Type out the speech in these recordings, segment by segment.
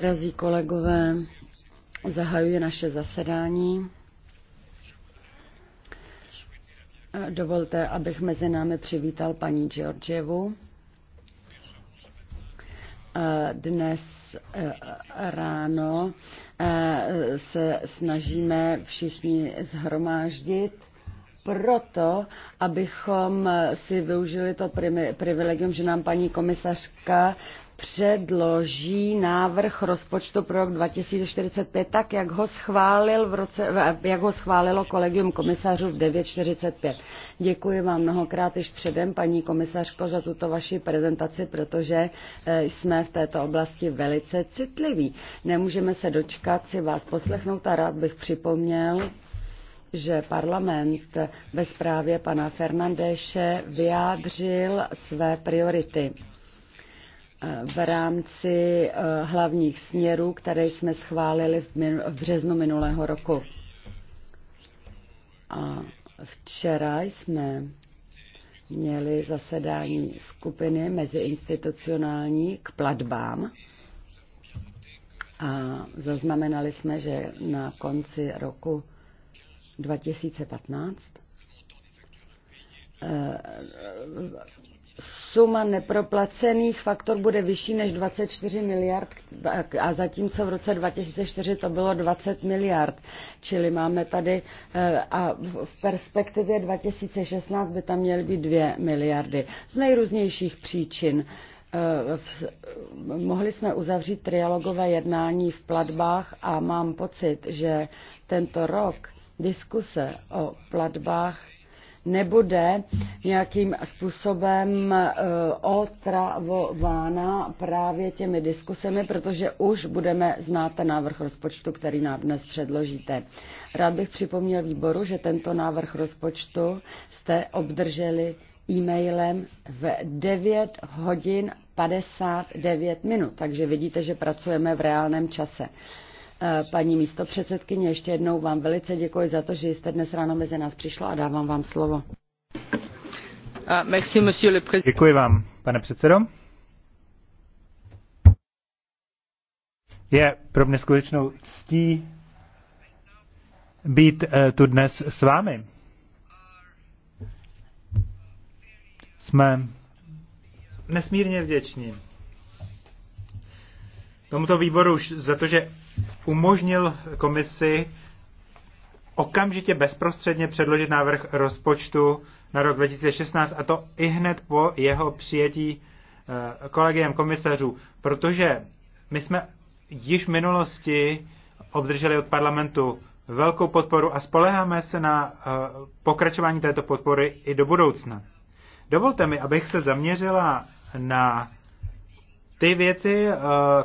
Drazí kolegové, zahajuji naše zasedání. Dovolte, abych mezi námi přivítal paní Georgievu. Eh, dnes eh, ráno eh, se snažíme všichni zhromáždit proto, abychom si využili to privilegium, že nám paní komisařka předloží návrh rozpočtu pro rok 2045 tak, jak ho, schválil v roce, jak ho schválilo kolegium komisařů v 9.45. Děkuji vám mnohokrát již předem, paní komisařko, za tuto vaši prezentaci, protože eh, jsme v této oblasti velice citliví. Nemůžeme se dočkat si vás poslechnout a rád bych připomněl, že parlament ve zprávě pana Fernandéše vyjádřil své priority v rámci eh, hlavních směrů, které jsme schválili v březnu minulého roku. A včera jsme měli zasedání skupiny meziinstitucionální k platbám a zaznamenali jsme, že na konci roku 2015 eh, suma neproplacených faktor bude vyšší než 24 miliard a zatímco v roce 2004 to bylo 20 miliard. Čili máme tady eh, a v perspektivě 2016 by tam měly být 2 miliardy. Z nejrůznějších příčin. Eh, mohli jsme uzavřít trialogové jednání v platbách a mám pocit, že tento rok diskuse o platbách nebude nějakým způsobem eh, otravována právě těmi diskusemi, protože už budeme znát ten návrh rozpočtu, který nám dnes předložíte. Rád bych připomněl výboru, že tento návrh rozpočtu jste obdrželi e-mailem v 9 hodin 59 minut, takže vidíte, že pracujeme v reálném čase. Eh, paní místo předsedkyně, ještě jednou vám velice děkuji za to, že jste dnes ráno mezi nás přišla a dávám vám slovo. Ah, děkuji vám, pane předsedo. Je pro mě skutečnou ctí být eh, tu dnes s vámi. Jsme nesmírně vděční tomuto výboru za to, že umožnil komisi okamžitě bezprostředně předložit návrh rozpočtu na rok 2016 a to i hned po jeho přijetí eh, kolegiem komisařů, protože my jsme již v minulosti obdrželi od parlamentu velkou podporu a spoleháme se na eh, pokračování této podpory i do budoucna. Dovolte mi, abych se zaměřila na ty věci, eh,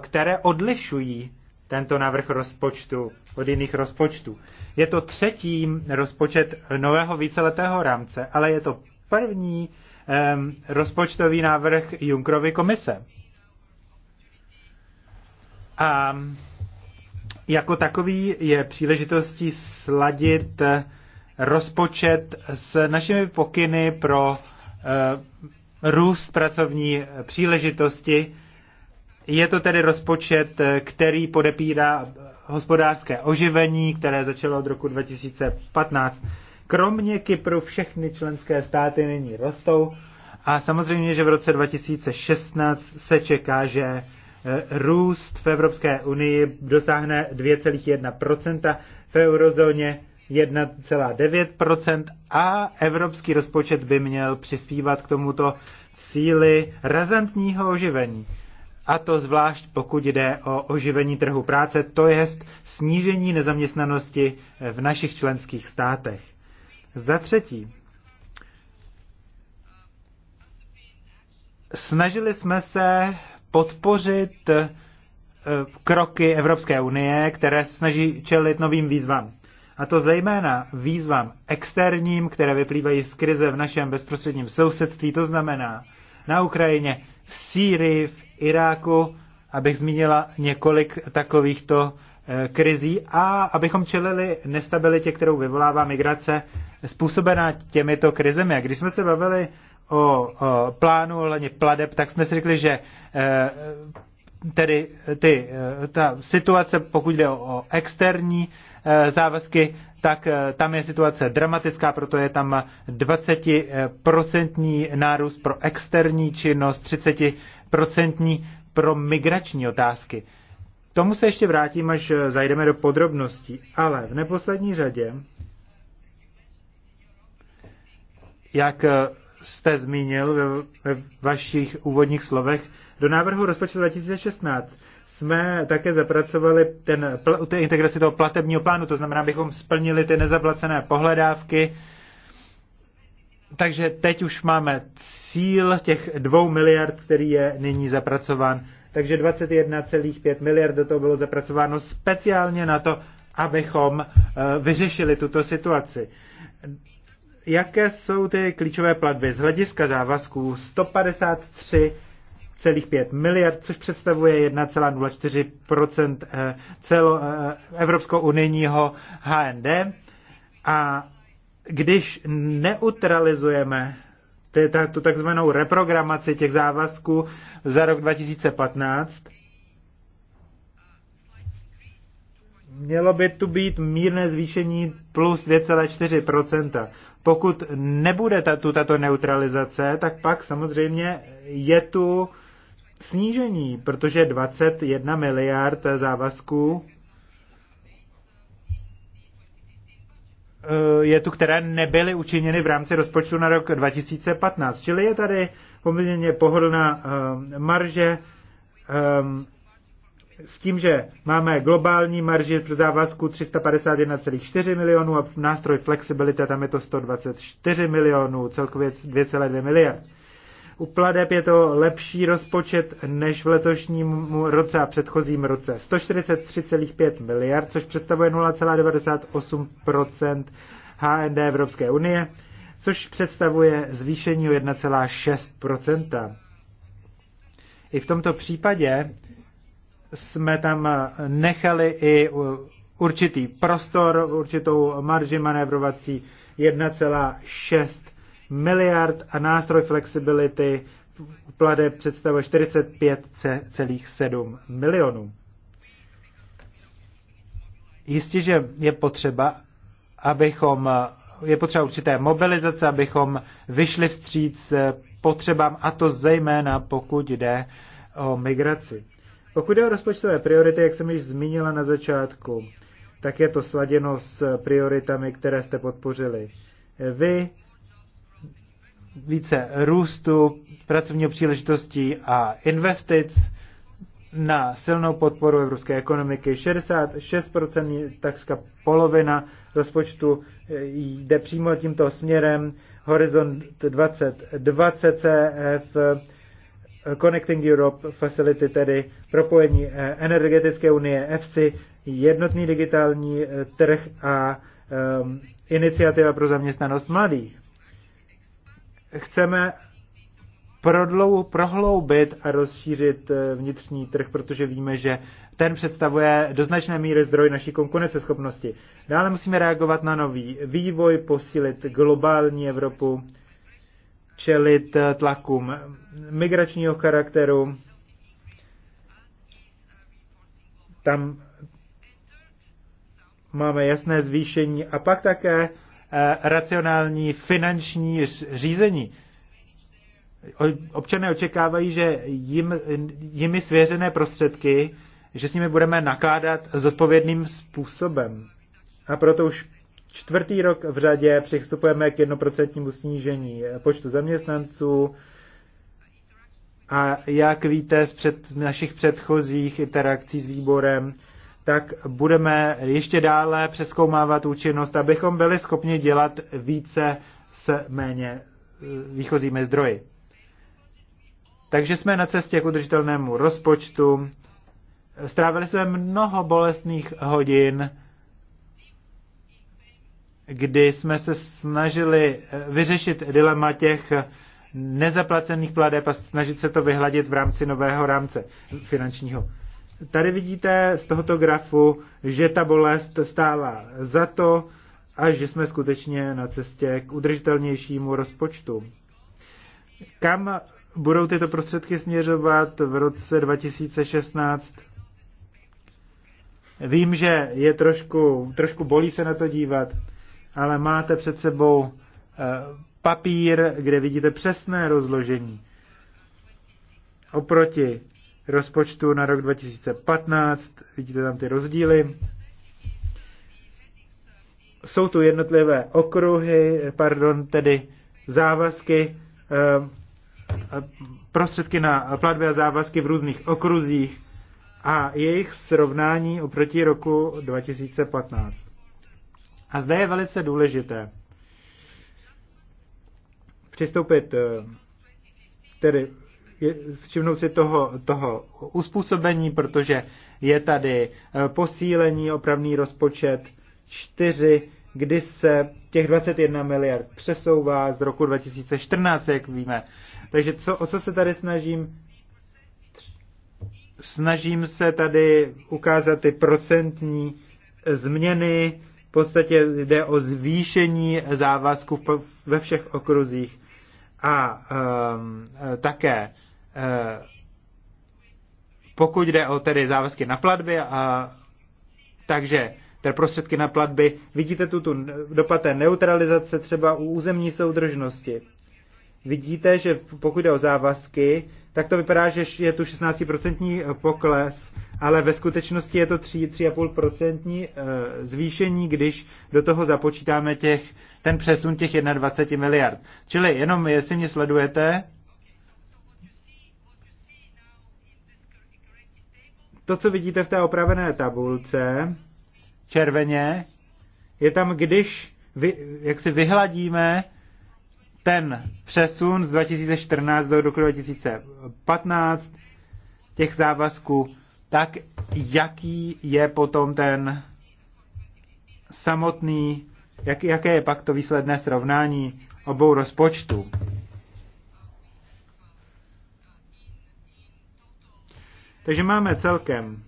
které odlišují tento návrh rozpočtu od jiných rozpočtů. Je to třetí rozpočet nového víceletého rámce, ale je to první um, rozpočtový návrh Junkrovy komise. A jako takový je příležitostí sladit rozpočet s našimi pokyny pro uh, růst pracovní příležitosti je to tedy rozpočet, eh, který podepírá hospodářské oživení, které začalo od roku 2015. Kromě Kypru všechny členské státy nyní rostou a samozřejmě, že v roce 2016 se čeká, že eh, růst v Evropské unii dosáhne 2,1%, v eurozóně 1,9% a evropský rozpočet by měl přispívat k tomuto cíli razantního oživení a to zvlášť pokud jde o oživení trhu práce, to je snížení nezaměstnanosti v našich členských státech. Za třetí, snažili jsme se podpořit eh, kroky Evropské unie, které snaží čelit novým výzvám. A to zejména výzvám externím, které vyplývají z krize v našem bezprostředním sousedství, to znamená na Ukrajině, v Sýrii, v Iráku, abych zmínila několik takovýchto eh, krizí a abychom čelili nestabilitě, kterou vyvolává migrace způsobená těmito krizemi. A když jsme se bavili o, o plánu ohledně pladeb, tak jsme si řekli, že e, tedy ty, eh, ta situace, pokud jde o, o externí Eh, závazky, tak eh, tam je situace dramatická, proto je tam 20% nárůst pro externí činnost, 30% pro migrační otázky. tomu se ještě vrátím, až eh, zajdeme do podrobností, ale v neposlední řadě, jak jste zmínil ve vašich úvodních slovech, do návrhu rozpočtu 2016 jsme také zapracovali ten, ten integraci toho platebního plánu, to znamená, abychom splnili ty nezaplacené pohledávky. Takže teď už máme cíl těch dvou miliard, který je nyní zapracován. Takže 21,5 miliard do toho bylo zapracováno speciálně na to, abychom eh, vyřešili tuto situaci. Jaké jsou ty klíčové platby? Z hlediska závazků 153 1,5 miliard, což představuje 1,04 eh, celo eh, Evropskou unijního HND. A když neutralizujeme tu takzvanou reprogramaci těch závazků za rok 2015, mělo by tu být mírné zvýšení plus 2,4%. Pokud nebude tu tato neutralizace, tak pak samozřejmě je tu snížení, protože 21 miliard závazků eh, je tu, které nebyly učiněny v rámci rozpočtu na rok 2015. Čili je tady poměrně pohodlná eh, marže eh, s tím, že máme globální marži pro závazku 351,4 milionů a nástroj flexibility, tam je to 124 milionů, celkově 2,2 miliard. U pladeb je to lepší rozpočet než v letošním roce a předchozím roce. 143,5 miliard, což představuje 0,98 HND Evropské unie, což představuje zvýšení o 1,6 I v tomto případě jsme tam nechali i určitý prostor, určitou marži manévrovací miliard a nástroj flexibility plade představuje 45,7 milionů. Jistě, že je potřeba, abychom, je potřeba určité mobilizace, abychom vyšli vstříc potřebám, a to zejména pokud jde o migraci. Pokud jde o rozpočtové priority, jak jsem již zmínila na začátku, tak je to sladěno s prioritami, které jste podpořili. Vy více růstu, pracovního příležitostí a investic na silnou podporu evropské ekonomiky. 66%, takřka polovina rozpočtu eh, jde přímo tímto směrem. Horizont 2020 CF, eh, Connecting Europe Facility, tedy propojení eh, energetické unie EFSI, jednotný digitální trh a um, iniciativa pro zaměstnanost mladých chceme prodlou, prohloubit a rozšířit eh, vnitřní trh, protože víme, že ten představuje do značné míry zdroj naší konkurenceschopnosti. Dále musíme reagovat na nový vývoj, posílit globální Evropu, čelit eh, tlakům migračního charakteru. Tam máme jasné zvýšení a pak také Eh, racionální finanční řízení. Občané očekávají, že jim, jimi svěřené prostředky, že s nimi budeme nakládat zodpovědným způsobem. A proto už čtvrtý rok v řadě přistupujeme k jednoprocentnímu snížení počtu zaměstnanců. A jak víte z před, našich předchozích interakcí s výborem, tak budeme ještě dále přeskoumávat účinnost, abychom byli schopni dělat více s méně eh, výchozími zdroji. Takže jsme na cestě k udržitelnému rozpočtu. Strávili jsme mnoho bolestných hodin, kdy jsme se snažili eh, vyřešit dilema těch nezaplacených pladeb a snažit se to vyhladit v rámci nového rámce finančního. Tady vidíte z tohoto grafu, že ta bolest stála za to a že jsme skutečně na cestě k udržitelnějšímu rozpočtu. Kam budou tyto prostředky směřovat v roce 2016? Vím, že je trošku, trošku bolí se na to dívat, ale máte před sebou eh, papír, kde vidíte přesné rozložení oproti rozpočtu na rok 2015. Vidíte tam ty rozdíly. Jsou tu jednotlivé okruhy, pardon, tedy závazky, eh, prostředky na platby a závazky v různých okruzích a jejich srovnání oproti roku 2015. A zde je velice důležité přistoupit eh, tedy všimnout si toho, toho uspůsobení, protože je tady eh, posílení opravný rozpočet 4, kdy se těch 21 miliard přesouvá z roku 2014, jak víme. Takže co, o co se tady snažím? Snažím se tady ukázat ty procentní změny. V podstatě jde o zvýšení závazku ve všech okruzích a um, také Eh, pokud jde o tedy závazky na platby a takže té prostředky na platby, vidíte tu, tu dopad té neutralizace třeba u územní soudržnosti. Vidíte, že pokud jde o závazky, tak to vypadá, že je tu 16% pokles, ale ve skutečnosti je to 3-3,5% eh, zvýšení, když do toho započítáme těch, ten přesun těch 21 miliard. Čili jenom, jestli mě sledujete, To, co vidíte v té opravené tabulce, červeně, je tam, když vy, jak si vyhladíme ten přesun z 2014 do roku 2015 těch závazků, tak jaký je potom ten samotný, jak, jaké je pak to výsledné srovnání obou rozpočtů. Takže máme celkem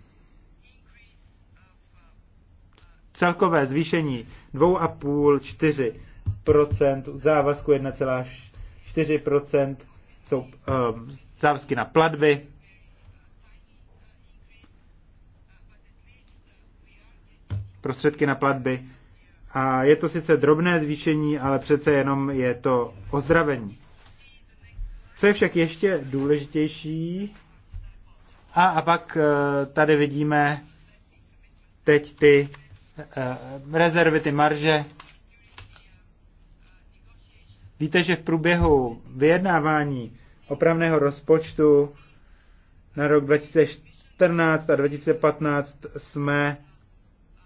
celkové zvýšení 2,5-4% závazku 1,4% jsou um, závazky na platby. prostředky na platby. A je to sice drobné zvýšení, ale přece jenom je to ozdravení. Co je však ještě důležitější, a, a pak eh, tady vidíme teď ty eh, rezervy, ty marže. Víte, že v průběhu vyjednávání opravného rozpočtu na rok 2014 a 2015 jsme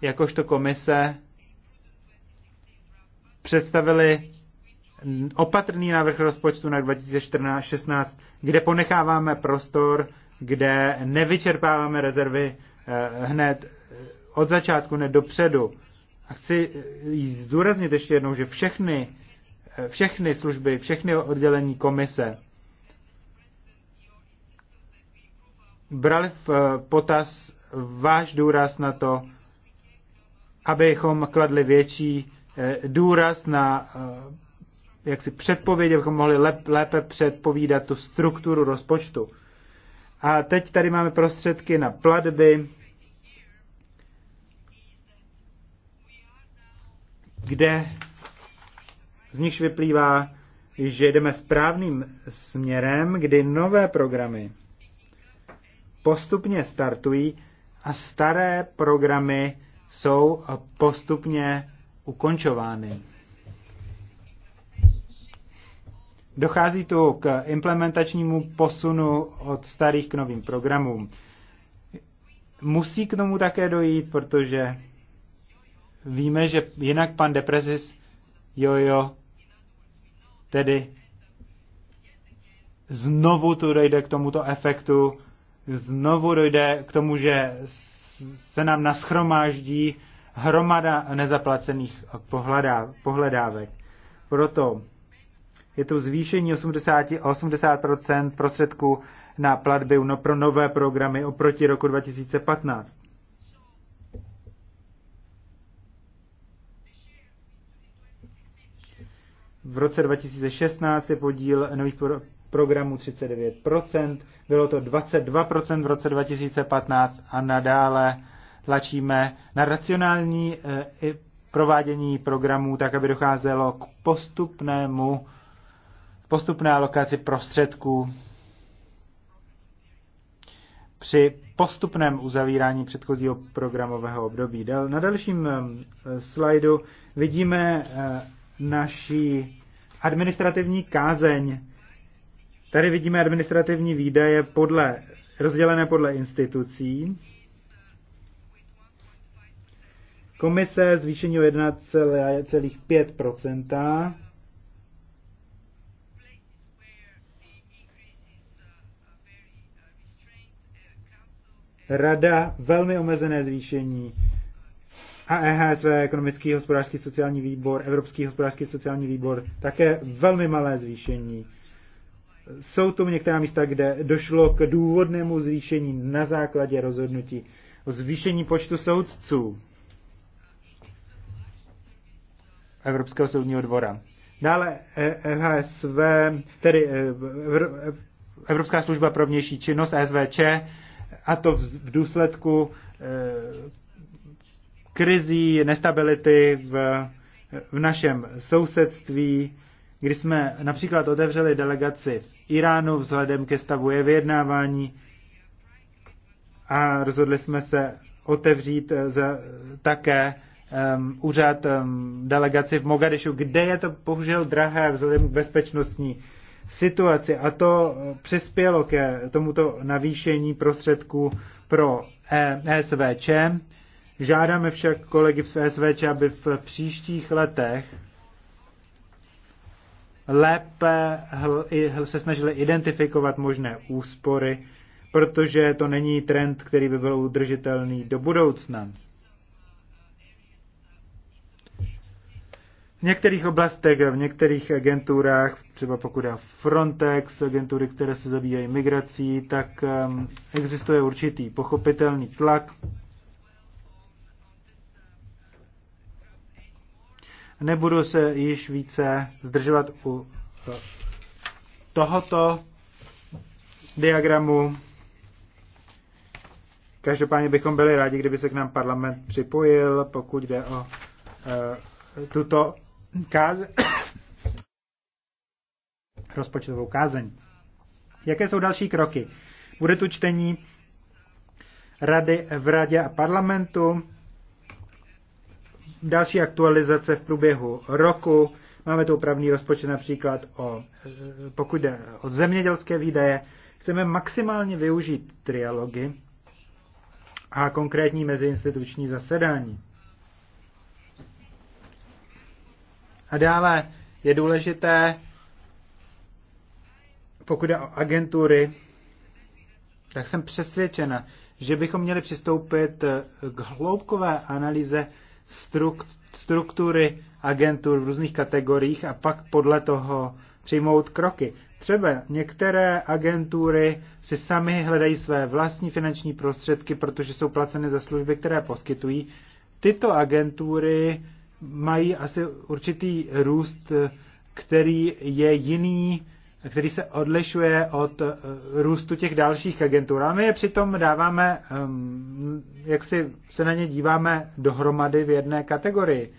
jakožto komise představili opatrný návrh rozpočtu na 2016, kde ponecháváme prostor kde nevyčerpáváme rezervy eh, hned eh, od začátku, ne dopředu. A chci eh, zdůraznit ještě jednou, že všechny, všechny služby, všechny oddělení komise brali v potaz váš důraz na to, abychom kladli větší důraz na jak si předpovědi, abychom mohli lépe předpovídat tu strukturu rozpočtu. A teď tady máme prostředky na platby, kde z nich vyplývá, že jdeme správným směrem, kdy nové programy postupně startují a staré programy jsou postupně ukončovány. Dochází tu k implementačnímu posunu od starých k novým programům. Musí k tomu také dojít, protože víme, že jinak pan Depresis jojo, tedy znovu tu dojde k tomuto efektu, znovu dojde k tomu, že se nám naschromáždí hromada nezaplacených pohledávek. Proto je to zvýšení 80, 80% prostředků na platby no- pro nové programy oproti roku 2015. V roce 2016 je podíl nových pro, programů 39%, bylo to 22% v roce 2015 a nadále tlačíme na racionální e, provádění programů tak, aby docházelo k postupnému postupné alokaci prostředků při postupném uzavírání předchozího programového období. Na dalším eh, slajdu vidíme eh, naší administrativní kázeň. Tady vidíme administrativní výdaje podle, rozdělené podle institucí. Komise zvýšení o 1,5 rada velmi omezené zvýšení a EHSV, ekonomický, hospodářský, sociální výbor, Evropský hospodářský, sociální výbor, také velmi malé zvýšení. Jsou tu některá místa, kde došlo k důvodnému zvýšení na základě rozhodnutí o zvýšení počtu soudců Evropského soudního dvora. Dále EHSV, tedy e, e, Evropská služba pro vnější činnost, ESVČ, a to v důsledku eh, krizí, nestability v, v našem sousedství, kdy jsme například otevřeli delegaci Iránu vzhledem ke stavu je vyjednávání a rozhodli jsme se otevřít eh, z, také um, úřad um, delegaci v Mogadišu, kde je to bohužel drahé vzhledem k bezpečnostní situaci a to eh, přispělo ke tomuto navýšení prostředků pro e, SVČ. Žádáme však kolegy v SVČ, aby v příštích letech lépe se snažili identifikovat možné úspory, protože to není trend, který by byl udržitelný do budoucna. V některých oblastech, v některých agenturách, třeba pokud je Frontex, agentury, které se zabývají migrací, tak um, existuje určitý pochopitelný tlak. Nebudu se již více zdržovat u uh, tohoto diagramu. Každopádně bychom byli rádi, kdyby se k nám parlament připojil, pokud jde o uh, tuto káze... rozpočtovou kázeň. Jaké jsou další kroky? Bude tu čtení rady v radě a parlamentu, další aktualizace v průběhu roku, máme tu upravný rozpočet například o, e, pokud jde o zemědělské výdaje, chceme maximálně využít trialogy a konkrétní meziinstituční zasedání. A dále je důležité, pokud jde o agentury, tak jsem přesvědčena, že bychom měli přistoupit k hloubkové analýze struktury agentur v různých kategoriích a pak podle toho přijmout kroky. Třeba některé agentury si sami hledají své vlastní finanční prostředky, protože jsou placeny za služby, které poskytují. Tyto agentury mají asi určitý růst, který je jiný, který se odlišuje od eh, růstu těch dalších agentur. A my je přitom dáváme, ehm, jak si se na ně díváme dohromady v jedné kategorii.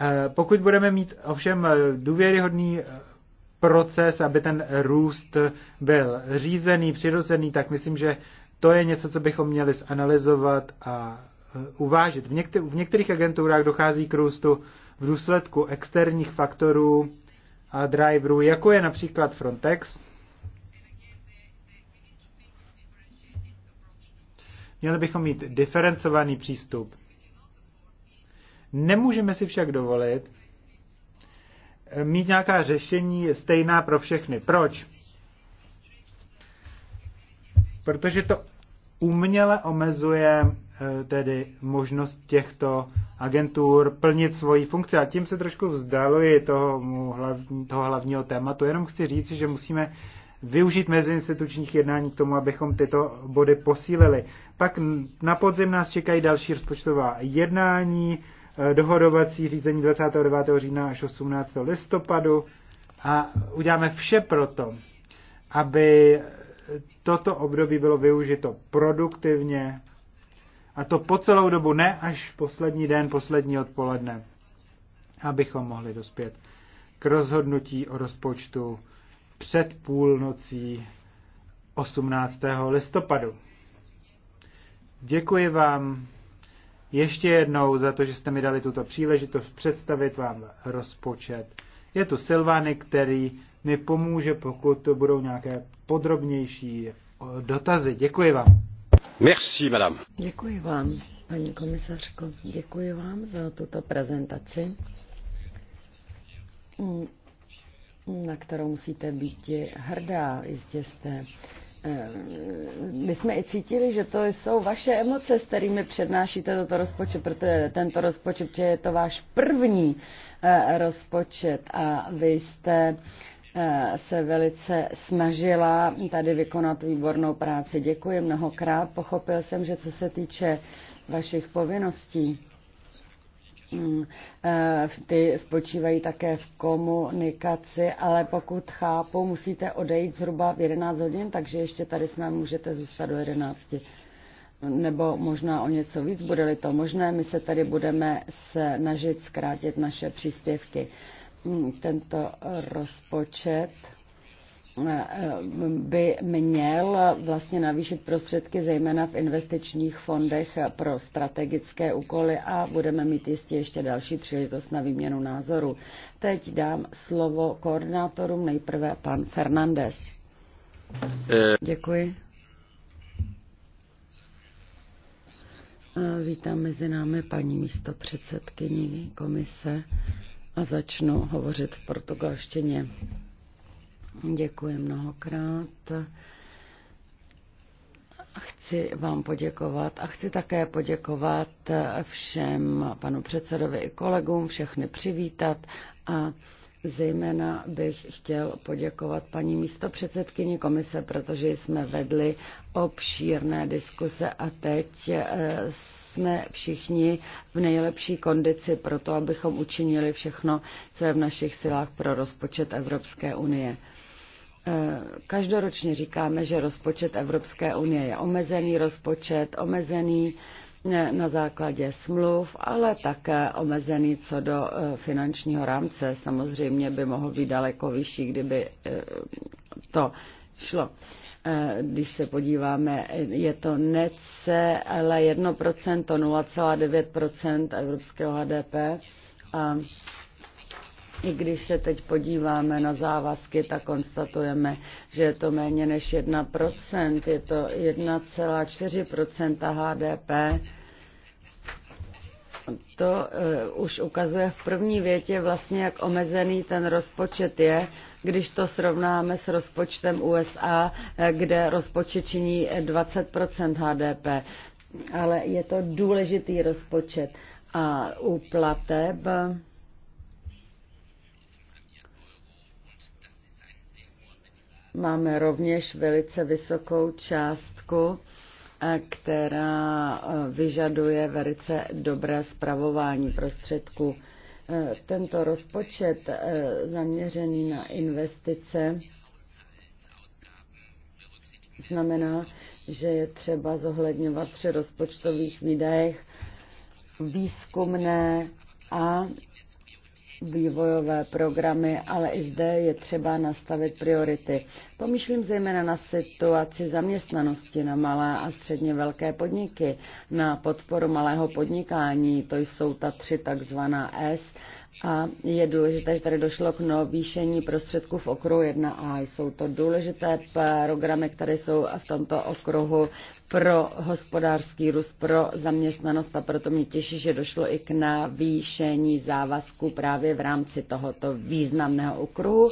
Eh, pokud budeme mít ovšem důvěryhodný eh, proces, aby ten růst byl řízený, přirozený, tak myslím, že to je něco, co bychom měli zanalizovat a Eh, uvážit. V, někter- v některých agenturách dochází k růstu v důsledku externích faktorů a driverů, jako je například Frontex. Měli bychom mít diferencovaný přístup. Nemůžeme si však dovolit eh, mít nějaká řešení stejná pro všechny. Proč? Protože to uměle omezuje Eh, tedy možnost těchto agentur plnit svoji funkci. A tím se trošku vzdaluji toho, toho hlavního tématu. Jenom chci říct, že musíme využít meziinstitučních jednání k tomu, abychom tyto body posílili. Pak na podzim nás čekají další rozpočtová jednání, eh, dohodovací řízení 29. října až 18. listopadu a uděláme vše pro to, aby toto období bylo využito produktivně a to po celou dobu, ne až poslední den, poslední odpoledne, abychom mohli dospět k rozhodnutí o rozpočtu před půlnocí 18. listopadu. Děkuji vám ještě jednou za to, že jste mi dali tuto příležitost představit vám rozpočet. Je tu Silvány, který mi pomůže, pokud budou nějaké podrobnější dotazy. Děkuji vám. Děkuji vám, paní komisařko. Děkuji vám za tuto prezentaci, na kterou musíte být hrdá, jistě jste. Eh, my jsme i cítili, že to jsou vaše emoce, s kterými přednášíte toto rozpočet, protože tento rozpočet, že je to váš první eh, rozpočet a vy jste Eh, se velice snažila tady vykonat výbornou práci. Děkuji mnohokrát. Pochopil jsem, že co se týče vašich povinností, mm, eh, ty spočívají také v komunikaci, ale pokud chápu, musíte odejít zhruba v 11 hodin, takže ještě tady s námi můžete zůstat do 11. Nebo možná o něco víc, bude-li to možné, my se tady budeme snažit zkrátit naše příspěvky tento rozpočet eh, by měl vlastně navýšit prostředky zejména v investičních fondech pro strategické úkoly a budeme mít jistě ještě další příležitost na výměnu názoru. Teď dám slovo koordinátorům, nejprve pan Fernandez. Eh. Děkuji. Eh, vítám mezi námi paní místo předsedkyní komise a začnu hovořit v portugalštině. Děkuji mnohokrát. Chci vám poděkovat a chci také poděkovat všem panu předsedovi i kolegům, všechny přivítat a Zejména bych chtěl poděkovat paní místopředsedkyni komise, protože jsme vedli obšírné diskuse a teď eh, jsme všichni v nejlepší kondici pro to, abychom učinili všechno, co je v našich silách pro rozpočet Evropské unie. E, každoročně říkáme, že rozpočet Evropské unie je omezený rozpočet, omezený e, na základě smluv, ale také omezený co do e, finančního rámce. Samozřejmě by mohl být daleko vyšší, kdyby to šlo když se podíváme, je to necelé 1%, 0,9% evropského HDP. A i když se teď podíváme na závazky, tak konstatujeme, že je to méně než 1%, je to 1,4% HDP to uh, už ukazuje v první větě vlastně, jak omezený ten rozpočet je, když to srovnáme s rozpočtem USA, eh, kde rozpočet činí 20 eh, HDP. Ale je to důležitý rozpočet. A u plateb máme rovněž velice vysokou částku která e, vyžaduje velice dobré zpravování prostředků. E, tento rozpočet e, zaměřený na investice znamená, že je třeba zohledňovat při rozpočtových výdajech výzkumné a vývojové programy, ale i zde je třeba nastavit priority. Pomýšlím zejména na situaci zaměstnanosti na malé a středně velké podniky, na podporu malého podnikání, to jsou ta tři takzvaná S, a je důležité, že tady došlo k novýšení prostředků v okruhu 1a. Jsou to důležité programy, které jsou v tomto okruhu pro hospodářský růst, pro zaměstnanost a proto mě těší, že došlo i k navýšení závazků právě v rámci tohoto významného okruhu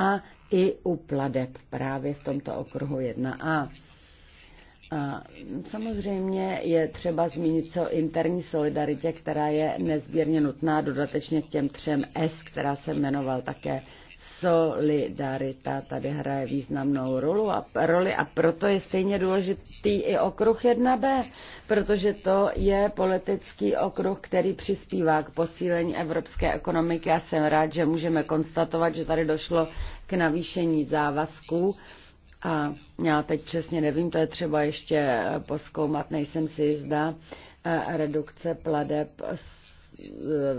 a i u pladeb právě v tomto okruhu 1a. A samozřejmě je třeba zmínit se o interní solidaritě, která je nezběrně nutná dodatečně k těm třem S, která se jmenoval také solidarita tady hraje významnou rolu a, roli a proto je stejně důležitý i okruh 1b, protože to je politický okruh, který přispívá k posílení evropské ekonomiky a jsem rád, že můžeme konstatovat, že tady došlo k navýšení závazků a já teď přesně nevím, to je třeba ještě eh, poskoumat, nejsem si jistá, eh, redukce pladeb eh,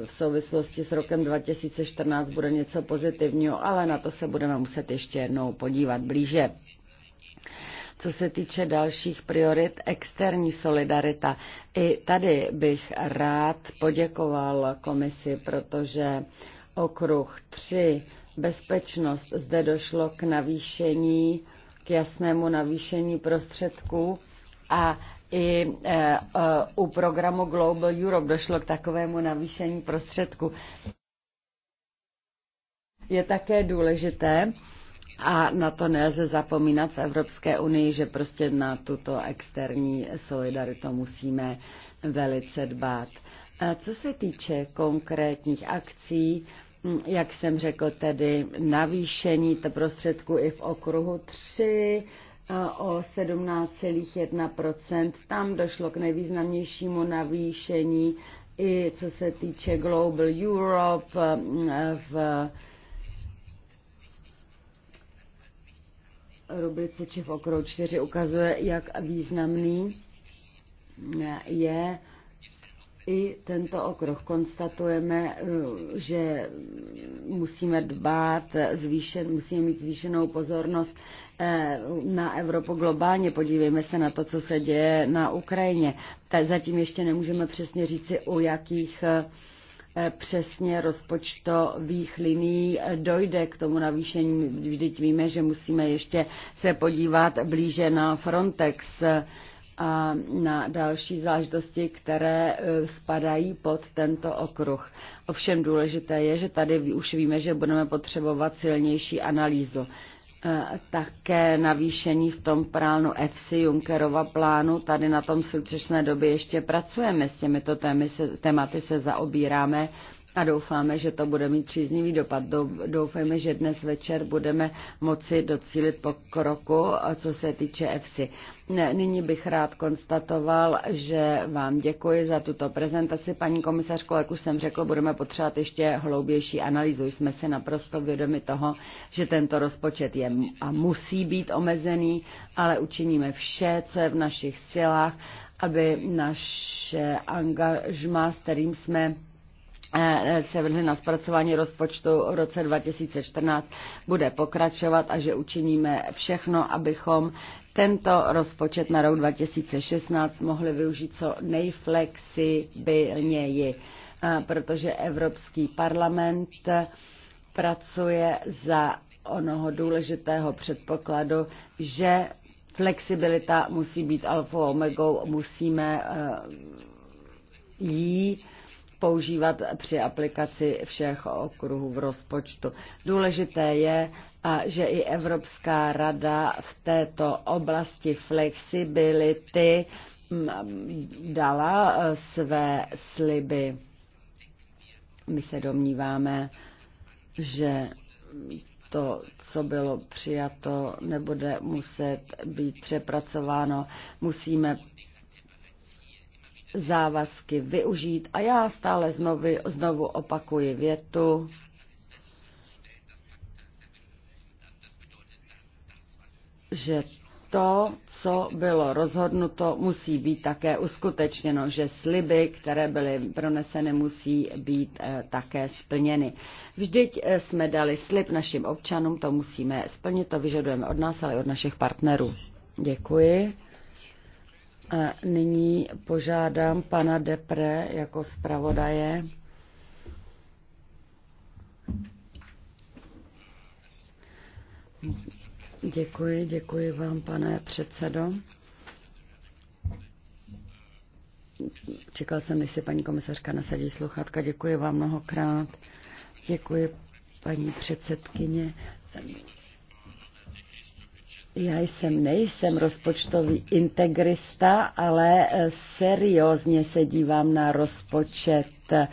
v souvislosti s rokem 2014 bude něco pozitivního, ale na to se budeme muset ještě jednou podívat blíže. Co se týče dalších priorit, externí solidarita. I tady bych rád poděkoval komisi, protože okruh 3, bezpečnost, zde došlo k navýšení k jasnému navýšení prostředků a i e, e, u programu Global Europe došlo k takovému navýšení prostředků. Je také důležité, a na to nelze zapomínat v Evropské unii, že prostě na tuto externí solidaritu musíme velice dbát. A co se týče konkrétních akcí, jak jsem řekl, tedy navýšení to prostředku i v okruhu 3 o 17,1%. Tam došlo k nejvýznamnějšímu navýšení i co se týče Global Europe v rubrice či v okruhu 4 ukazuje, jak významný je i tento okruh konstatujeme, eh, že musíme dbát, zvýšen, musíme mít zvýšenou pozornost eh, na Evropu globálně. Podívejme se na to, co se děje na Ukrajině. Tak zatím ještě nemůžeme přesně říci, o jakých eh, přesně rozpočtových liní dojde k tomu navýšení. Vždyť víme, že musíme ještě se podívat blíže na Frontex a na další zážitosti, které e, spadají pod tento okruh. Ovšem důležité je, že tady už víme, že budeme potřebovat silnější analýzu. E, také navýšení v tom plánu FC Junckerova plánu. Tady na tom současné době ještě pracujeme s těmito témy, se, tématy se zaobíráme a doufáme, že to bude mít příznivý dopad. Doufáme, že dnes večer budeme moci docílit pokroku, co se týče EFSI. Nyní bych rád konstatoval, že vám děkuji za tuto prezentaci. Paní komisařko, jak už jsem řekl, budeme potřebovat ještě hloubější analýzu. Jsme si naprosto vědomi toho, že tento rozpočet je a musí být omezený, ale učiníme vše, co je v našich silách, aby naše angažma, s kterým jsme Eh, eh, se vrhli na zpracování rozpočtu v roce 2014, bude pokračovat a že učiníme všechno, abychom tento rozpočet na rok 2016 mohli využít co nejflexibilněji, eh, protože Evropský parlament pracuje za onoho důležitého předpokladu, že flexibilita musí být alfa omegou, musíme jí používat při aplikaci všech okruhů v rozpočtu. Důležité je, že i Evropská rada v této oblasti flexibility dala e, své sliby. My se domníváme, že to, co bylo přijato, nebude muset být přepracováno. Musíme závazky využít. A já stále znovu, znovu opakuji větu. že to, co bylo rozhodnuto, musí být také uskutečněno, že sliby, které byly proneseny, musí být eh, také splněny. Vždyť eh, jsme dali slib našim občanům, to musíme splnit, to vyžadujeme od nás, ale i od našich partnerů. Děkuji. Nyní požádám pana Depre jako zpravodaje. Děkuji, děkuji vám, pane předsedo. Čekal jsem, než se paní komisařka nasadí sluchátka. Děkuji vám mnohokrát. Děkuji, paní předsedkyně. Já jsem nejsem rozpočtový integrista, ale eh, seriózně se dívám na rozpočet, eh,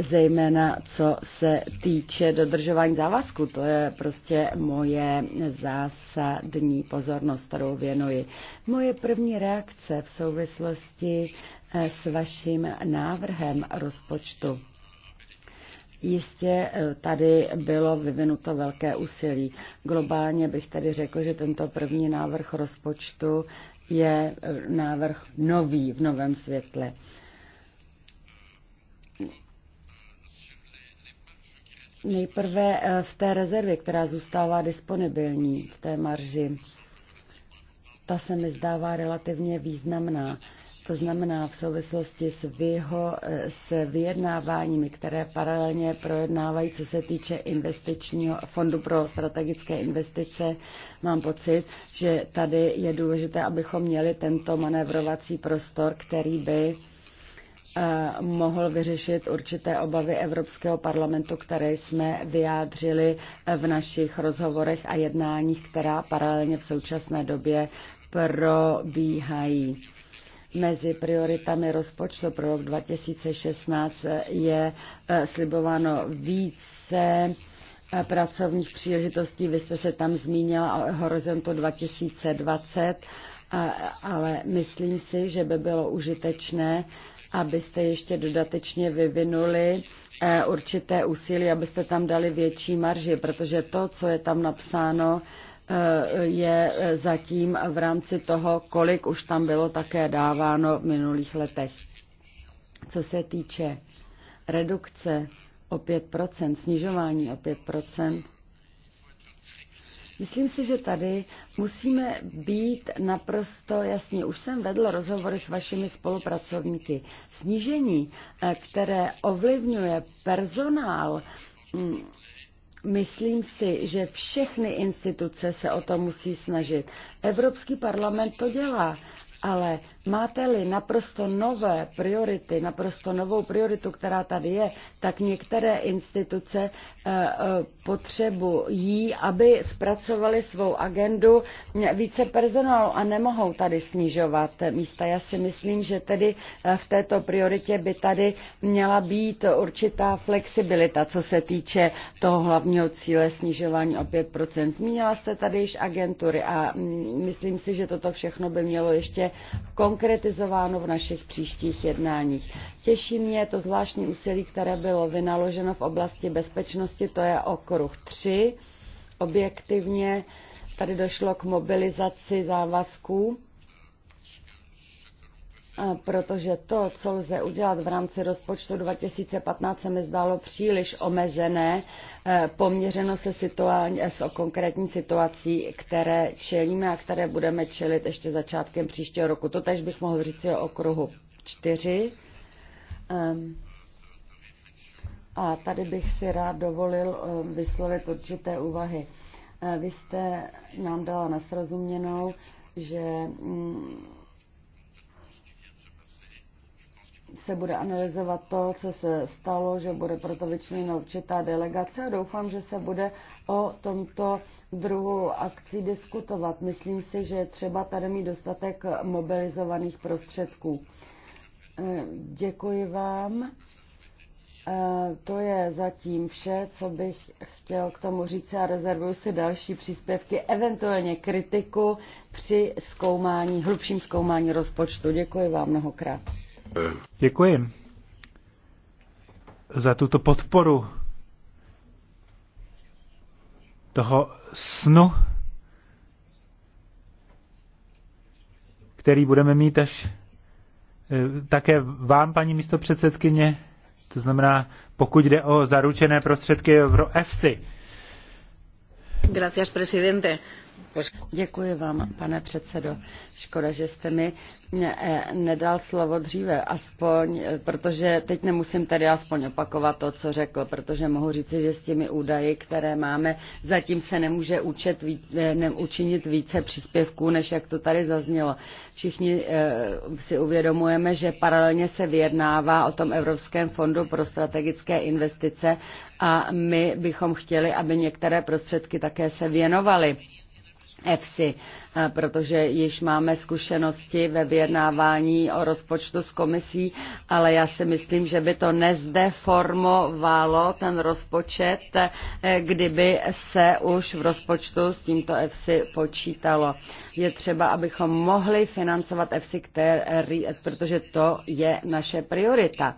zejména co se týče dodržování závazku. To je prostě moje zásadní pozornost, kterou věnuji. Moje první reakce v souvislosti eh, s vaším návrhem rozpočtu Jistě eh, tady bylo vyvinuto velké úsilí. Globálně bych tady řekl, že tento první návrh rozpočtu je eh, návrh nový v novém světle. Nejprve eh, v té rezervě, která zůstává disponibilní v té marži, ta se mi zdává relativně významná. To znamená v souvislosti s, výho, s vyjednáváními, které paralelně projednávají, co se týče investičního fondu pro strategické investice, mám pocit, že tady je důležité, abychom měli tento manévrovací prostor, který by eh, mohl vyřešit určité obavy Evropského parlamentu, které jsme vyjádřili eh, v našich rozhovorech a jednáních, která paralelně v současné době probíhají Mezi prioritami rozpočtu pro rok 2016 je eh, slibováno více eh, pracovních příležitostí. Vy jste se tam zmínila o horizontu 2020, ale myslím si, že by bylo užitečné, abyste ještě dodatečně vyvinuli eh, určité úsilí, abyste tam dali větší marži, protože to, co je tam napsáno, Eh, je zatím v rámci toho, kolik už tam bylo také dáváno v minulých letech. Co se týče redukce o 5%, snižování o 5%, Myslím si, že tady musíme být naprosto jasně. Už jsem vedl rozhovory s vašimi spolupracovníky. Snížení, eh, které ovlivňuje personál, mm, Myslím si, že všechny instituce se o to musí snažit. Evropský parlament to dělá ale máte-li naprosto nové priority, naprosto novou prioritu, která tady je, tak některé instituce eh, eh, potřebují, aby zpracovali svou agendu více personálu a nemohou tady snižovat místa. Já si myslím, že tedy eh, v této prioritě by tady měla být určitá flexibilita, co se týče toho hlavního cíle snižování o 5%. Zmínila jste tady již agentury a mm, myslím si, že toto všechno by mělo ještě konkretizováno v našich příštích jednáních. Těší mě to zvláštní úsilí, které bylo vynaloženo v oblasti bezpečnosti, to je okruh 3. Objektivně tady došlo k mobilizaci závazků protože to, co lze udělat v rámci rozpočtu 2015, se mi zdálo příliš omezené, eh, poměřeno se situální, eh, s konkrétní situací, které čelíme a které budeme čelit ještě začátkem příštího roku. To tež bych mohl říct o okruhu 4. Ehm, a tady bych si rád dovolil eh, vyslovit určité úvahy. Vy jste nám dala nasrozuměnou, že mm, se bude analyzovat to, co se stalo, že bude proto vyčleněna určitá delegace a doufám, že se bude o tomto druhu akcí diskutovat. Myslím si, že je třeba tady mít dostatek mobilizovaných prostředků. Eh, děkuji vám. Eh, to je zatím vše, co bych chtěl k tomu říct a rezervuju si další příspěvky, eventuálně kritiku při zkoumání, hlubším zkoumání rozpočtu. Děkuji vám mnohokrát. Děkuji za tuto podporu toho snu, který budeme mít až e, také vám, paní místo předsedkyně, to znamená, pokud jde o zaručené prostředky pro EFSI, Děkuji vám, pane předsedající Škoda, že jste mi eh, nedal slovo dříve, aspoň, eh, protože teď nemusím tady aspoň opakovat to, co řekl, protože mohu říci, že s těmi údaji, které máme, zatím se nemůže účet, eh, učinit více příspěvků, než jak to tady zaznělo. Všichni si uvědomujeme, že paralelně se vyjednává o tom Evropském fondu pro strategické investice a my bychom chtěli, aby některé prostředky tak také se věnovali EFSI, eh, protože již máme zkušenosti ve vyjednávání o rozpočtu s komisí, ale já si myslím, že by to nezdeformovalo ten rozpočet, eh, kdyby se už v rozpočtu s tímto EFSI počítalo. Je třeba, abychom mohli financovat EFSI, který, eh, protože to je naše priorita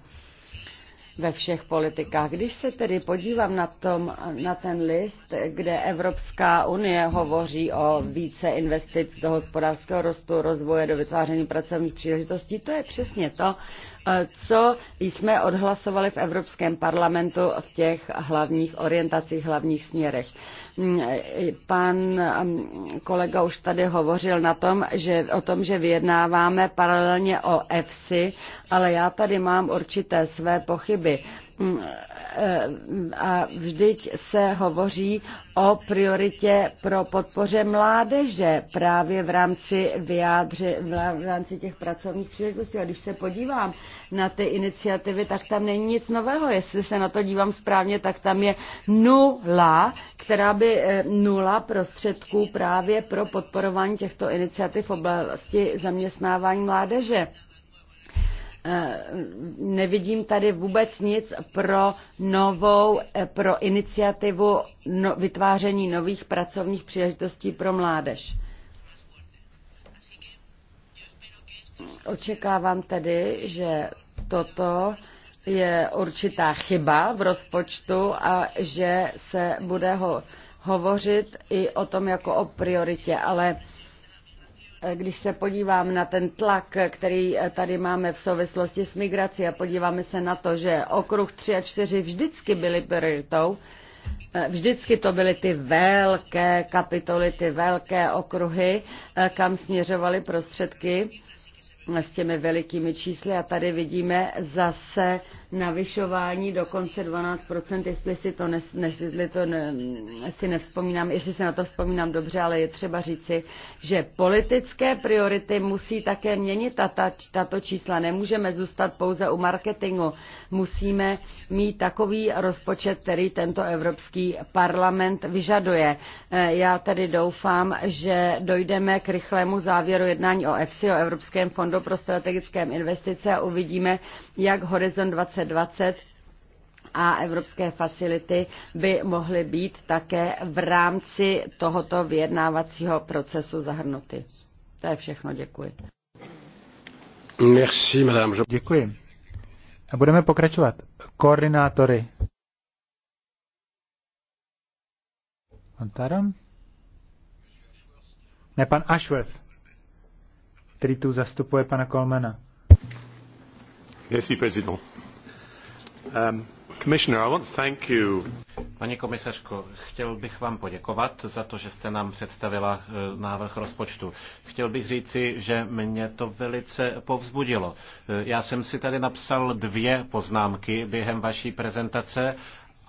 ve všech politikách. Když se tedy podívám na, tom, na ten list, kde Evropská unie hovoří o více investic do hospodářského rostu, rozvoje, do vytváření pracovních příležitostí, to je přesně to, eh, co jsme odhlasovali v Evropském parlamentu v těch hlavních orientacích, hlavních směrech. Pan um, kolega už tady hovořil na tom, že, o tom, že vyjednáváme paralelně o EFSI, ale já tady mám určité své pochyby a vždyť se hovoří o prioritě pro podpoře mládeže právě v rámci, vyjádře, v rámci těch pracovních příležitostí. A když se podívám na ty iniciativy, tak tam není nic nového. Jestli se na to dívám správně, tak tam je nula, která by eh, nula prostředků právě pro podporování těchto iniciativ v oblasti zaměstnávání mládeže. Eh, nevidím tady vůbec nic pro novou, eh, pro iniciativu no, vytváření nových pracovních příležitostí pro mládež. Očekávám tedy, že toto je určitá chyba v rozpočtu a že se bude ho, hovořit i o tom jako o prioritě, ale když se podívám na ten tlak, který tady máme v souvislosti s migrací a podíváme se na to, že okruh 3 a 4 vždycky byly prioritou, Vždycky to byly ty velké kapitoly, ty velké okruhy, kam směřovaly prostředky s těmi velikými čísly a tady vidíme zase navyšování dokonce 12%, jestli si to, ne, jestli to ne, si nevzpomínám, jestli se na to vzpomínám dobře, ale je třeba říci, že politické priority musí také měnit tata, tato čísla. Nemůžeme zůstat pouze u marketingu. Musíme mít takový rozpočet, který tento Evropský parlament vyžaduje. Eh, já tedy doufám, že dojdeme k rychlému závěru jednání o EFSI, o Evropském fondu pro strategické investice a uvidíme, jak Horizon 20 2020 a evropské facility by mohly být také v rámci tohoto vyjednávacího procesu zahrnuty. To je všechno, děkuji. Merci, madame. Děkuji. A budeme pokračovat. Koordinátory. Pan Taram? Ne, pan Ashworth, který tu zastupuje pana Kolmena. Merci, président. Um, Paní komisařko, chtěl bych vám poděkovat za to, že jste nám představila eh, návrh rozpočtu. Chtěl bych říci, že mě to velice povzbudilo. Eh, já jsem si tady napsal dvě poznámky během vaší prezentace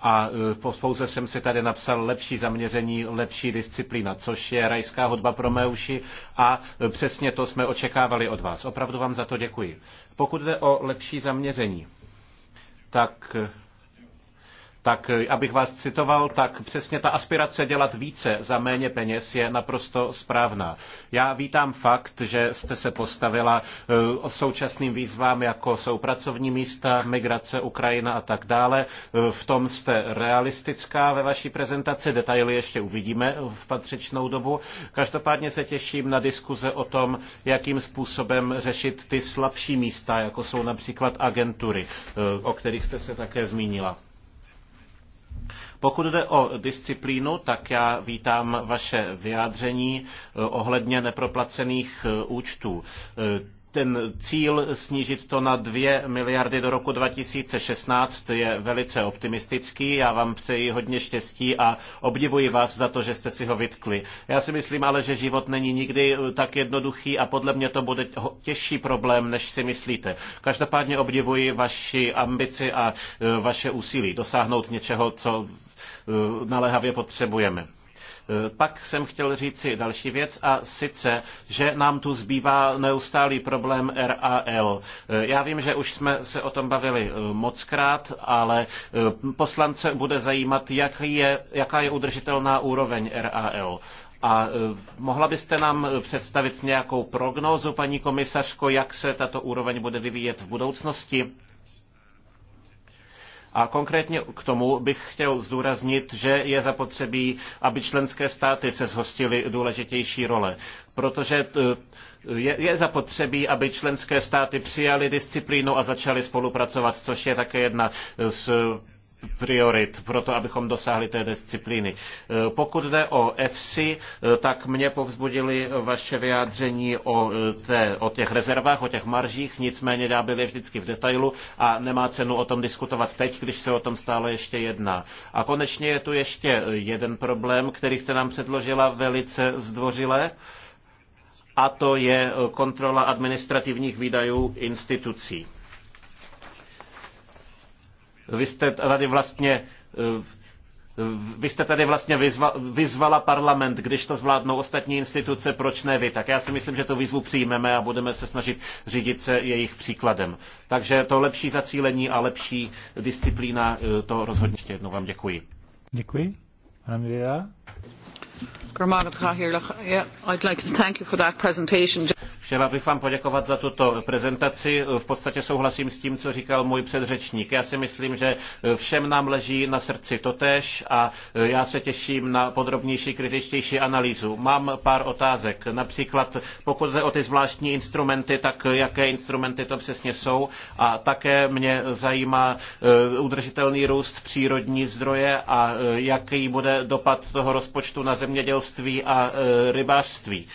a eh, pouze jsem si tady napsal lepší zaměření, lepší disciplína, což je rajská hudba pro mé uši a přesně to jsme očekávali od vás. Opravdu vám za to děkuji. Pokud jde o lepší zaměření, tak tak eh, abych vás citoval, tak přesně ta aspirace dělat více za méně peněz je naprosto správná. Já vítám fakt, že jste se postavila eh, o současným výzvám, jako jsou pracovní místa, migrace, Ukrajina a tak dále. Eh, v tom jste realistická ve vaší prezentaci, detaily ještě uvidíme v patřičnou dobu. Každopádně se těším na diskuze o tom, jakým způsobem řešit ty slabší místa, jako jsou například agentury, o kterých jste se také zmínila. Pokud jde o disciplínu, tak já vítám vaše vyjádření eh, ohledně neproplacených eh, účtů. Eh, ten cíl snížit to na 2 miliardy do roku 2016 je velice optimistický. Já vám přeji hodně štěstí a obdivuji vás za to, že jste si ho vytkli. Já si myslím ale, že život není nikdy eh, tak jednoduchý a podle mě to bude těžší problém, než si myslíte. Každopádně obdivuji vaši ambici a eh, vaše úsilí dosáhnout něčeho, co eh, naléhavě potřebujeme. Eh, pak jsem chtěl říci další věc a sice, že nám tu zbývá neustálý problém RAL. Eh, já vím, že už jsme se o tom bavili eh, mockrát, ale poslance bude zajímat, jak je, jaká je udržitelná úroveň RAL. A mohla byste nám představit nějakou prognózu, paní komisařko, jak se tato úroveň bude vyvíjet v budoucnosti? A konkrétně k tomu bych chtěl zdůraznit, že je zapotřebí, aby členské státy se zhostily důležitější role, protože e, je, zapotřebí, aby členské státy přijaly disciplínu a začaly spolupracovat, což je také jedna z priorit pro to, abychom dosáhli té disciplíny. E, pokud jde o EFSI, tak mě povzbudili vaše vyjádření o, e, té, o těch rezervách, o těch maržích, nicméně já byl je vždycky v detailu a nemá cenu o tom diskutovat teď, když se o tom stále ještě jedná. A konečně je tu ještě jeden problém, který jste nám předložila velice zdvořile a to je kontrola administrativních výdajů institucí. Vy jste tady vlastně eh, vy jste tady vlastně vyzva, vyzvala parlament, když to zvládnou ostatní instituce, proč ne vy? Tak já si myslím, že tu výzvu přijmeme a budeme se snažit řídit se jejich příkladem. Takže to lepší zacílení a lepší disciplína, eh, to rozhodně ještě jednou vám děkuji. Děkuji. Andrea? Chtěla bych vám poděkovat za tuto prezentaci. V podstatě souhlasím s tím, co říkal můj předřečník. Já si myslím, že všem nám leží na srdci totéž a já se těším na podrobnější, kritičtější analýzu. Mám pár otázek. Například pokud jde o ty zvláštní instrumenty, tak jaké instrumenty to přesně jsou. A také mě zajímá eh, udržitelný růst přírodní zdroje a eh, jaký bude dopad toho rozpočtu na zemědělství a eh, rybářství.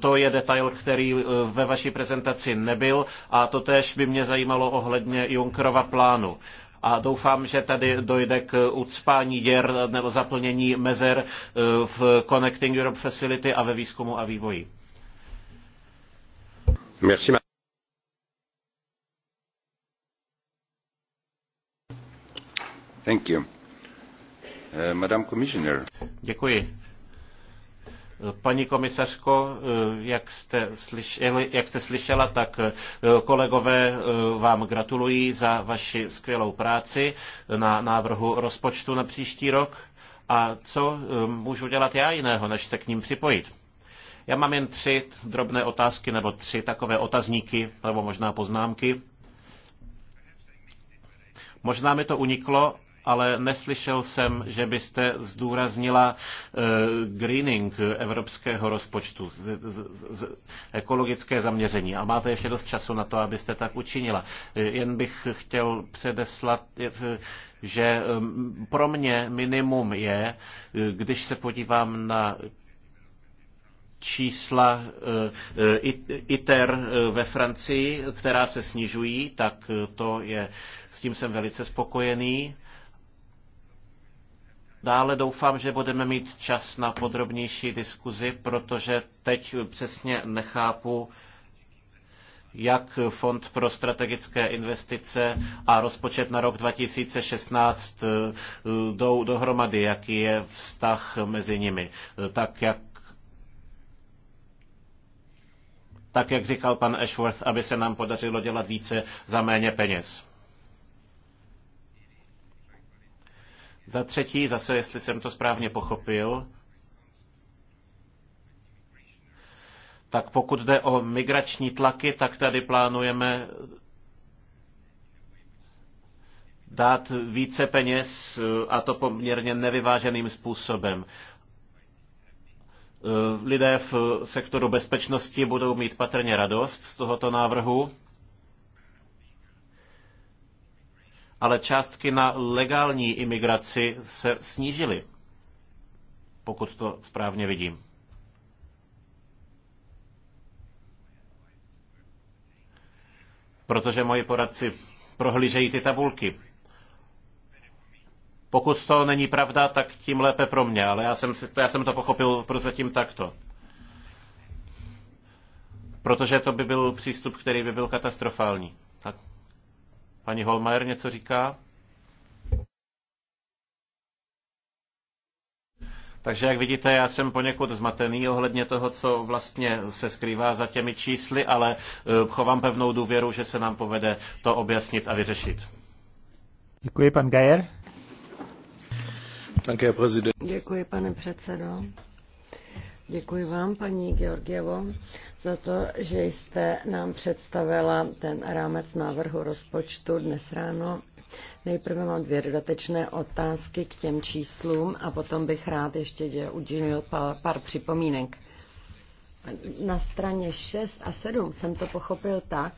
To je detail, který ve vaší prezentaci nebyl a totéž by mě zajímalo ohledně Junkerova plánu a doufám, že tady dojde k ucpání děr nebo zaplnění mezer eh, v Connecting Europe Facility a ve výzkumu a vývoji. Merci. Thank you. Uh, Commissioner. Děkuji. Paní komisařko, eh, jak jste, slyšeli, jak jste slyšela, tak eh, kolegové eh, vám gratulují za vaši skvělou práci na návrhu rozpočtu na příští rok. A co můžu dělat já jiného, než se k ním připojit? Já mám jen tři drobné otázky nebo tři takové otazníky nebo možná poznámky. Možná mi to uniklo, ale neslyšel jsem, že byste zdůraznila eh, greening evropského rozpočtu, ekologické zaměření. A máte ještě dost času na to, abyste tak učinila. Eh, jen bych chtěl předeslat, eh, že pro mě minimum je, když se podívám na čísla ITER ve Francii, která se snižují, tak to je, s tím jsem velice spokojený. Dále doufám, že budeme mít čas na podrobnější diskuzi, protože teď přesně nechápu, jak Fond pro strategické investice a rozpočet na rok 2016 eh, jdou dohromady, jaký je vztah mezi nimi. Tak jak tak jak říkal pan Ashworth, aby se nám podařilo dělat více za méně peněz. Za třetí, zase jestli jsem to správně pochopil, tak pokud jde o migrační tlaky, tak tady plánujeme dát více peněz a to poměrně nevyváženým způsobem. Lidé v sektoru bezpečnosti budou mít patrně radost z tohoto návrhu. ale částky na legální imigraci se snížily, pokud to správně vidím. Protože moji poradci prohlížejí ty tabulky. Pokud to není pravda, tak tím lépe pro mě, ale já jsem, si, já jsem to pochopil prozatím takto. Protože to by byl přístup, který by byl katastrofální. Tak. Paní Holmajer něco říká? Takže jak vidíte, já jsem poněkud zmatený ohledně toho, co vlastně se skrývá za těmi čísly, ale eh, chovám pevnou důvěru, že se nám povede to objasnit a vyřešit. Děkuji, pan Gajer. Děkuji, pane předsedo. Děkuji vám, paní Georgievo, za to, že jste nám představila ten rámec návrhu rozpočtu dnes ráno. Nejprve mám dvě dodatečné otázky k těm číslům a potom bych rád ještě udělil pár připomínek. Na straně 6 a 7 jsem to pochopil tak,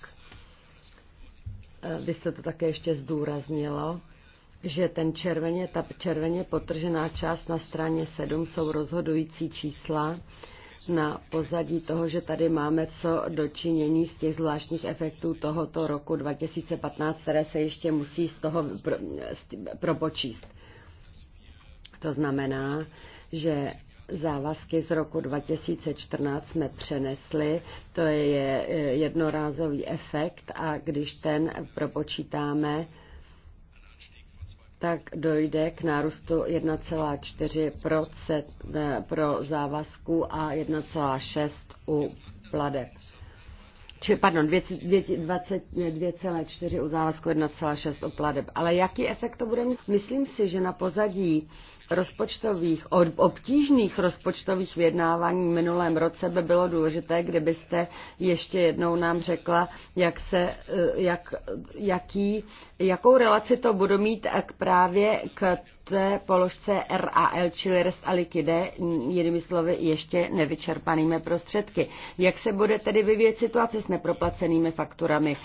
eh, vy jste to také ještě zdůraznilo, že ten červeně, ta červeně potržená část na straně 7 jsou rozhodující čísla na pozadí toho, že tady máme co dočinění z těch zvláštních efektů tohoto roku 2015, které se ještě musí z toho pro, propočíst. To znamená, že závazky z roku 2014 jsme přenesli, to je jednorázový efekt a když ten propočítáme, tak dojde k nárůstu 1,4 eh, pro závazku a 1,6 u pladeb či, pardon, 2,4 u závazku 1,6 u pladeb. Ale jaký efekt to bude mít? Myslím si, že na pozadí rozpočtových, obtížných rozpočtových vyjednávání v minulém roce by bylo důležité, kdybyste ještě jednou nám řekla, jak se, eh, jak, jaký, jakou relaci to bude mít k právě k té položce RAL, čili rest a likide, jinými slovy, ještě nevyčerpanými prostředky. Jak se bude tedy vyvíjet situace s neproplacenými fakturami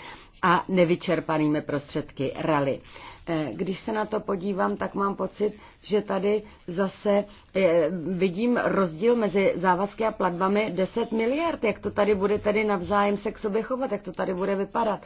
a nevyčerpanými prostředky RALy? Eh, když se na to podívám, tak mám pocit, že tady zase eh, vidím rozdíl mezi závazky a platbami 10 miliard. Jak to tady bude tedy navzájem se k sobě chovat, jak to tady bude vypadat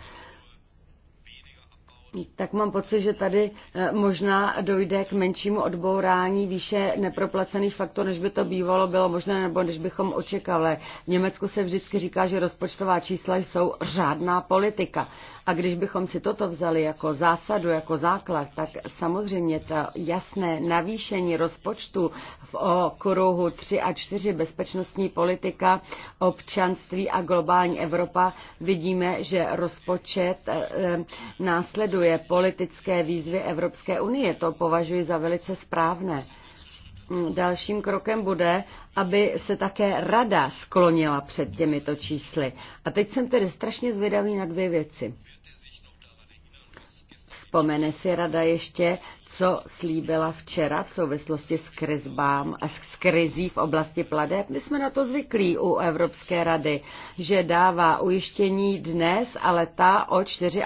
tak mám pocit, že tady eh, možná dojde k menšímu odbourání výše neproplacených faktor, než by to bývalo bylo možné, nebo než bychom očekali. V Německu se vždycky říká, že rozpočtová čísla jsou řádná politika. A když bychom si toto vzali jako zásadu, jako základ, tak samozřejmě to jasné navýšení rozpočtu v okruhu 3 a 4 bezpečnostní politika, občanství a globální Evropa vidíme, že rozpočet eh, následuje politické výzvy Evropské unie. To považuji za velice správné. Mm, dalším krokem bude, aby se také rada sklonila před těmito čísly. A teď jsem tedy strašně zvědavý na dvě věci. Vzpomene si rada ještě, co slíbila včera v souvislosti s, krizbám, s krizí v oblasti pladeb. My jsme na to zvyklí u Evropské rady, že dává ujištění dnes, ale ta o 24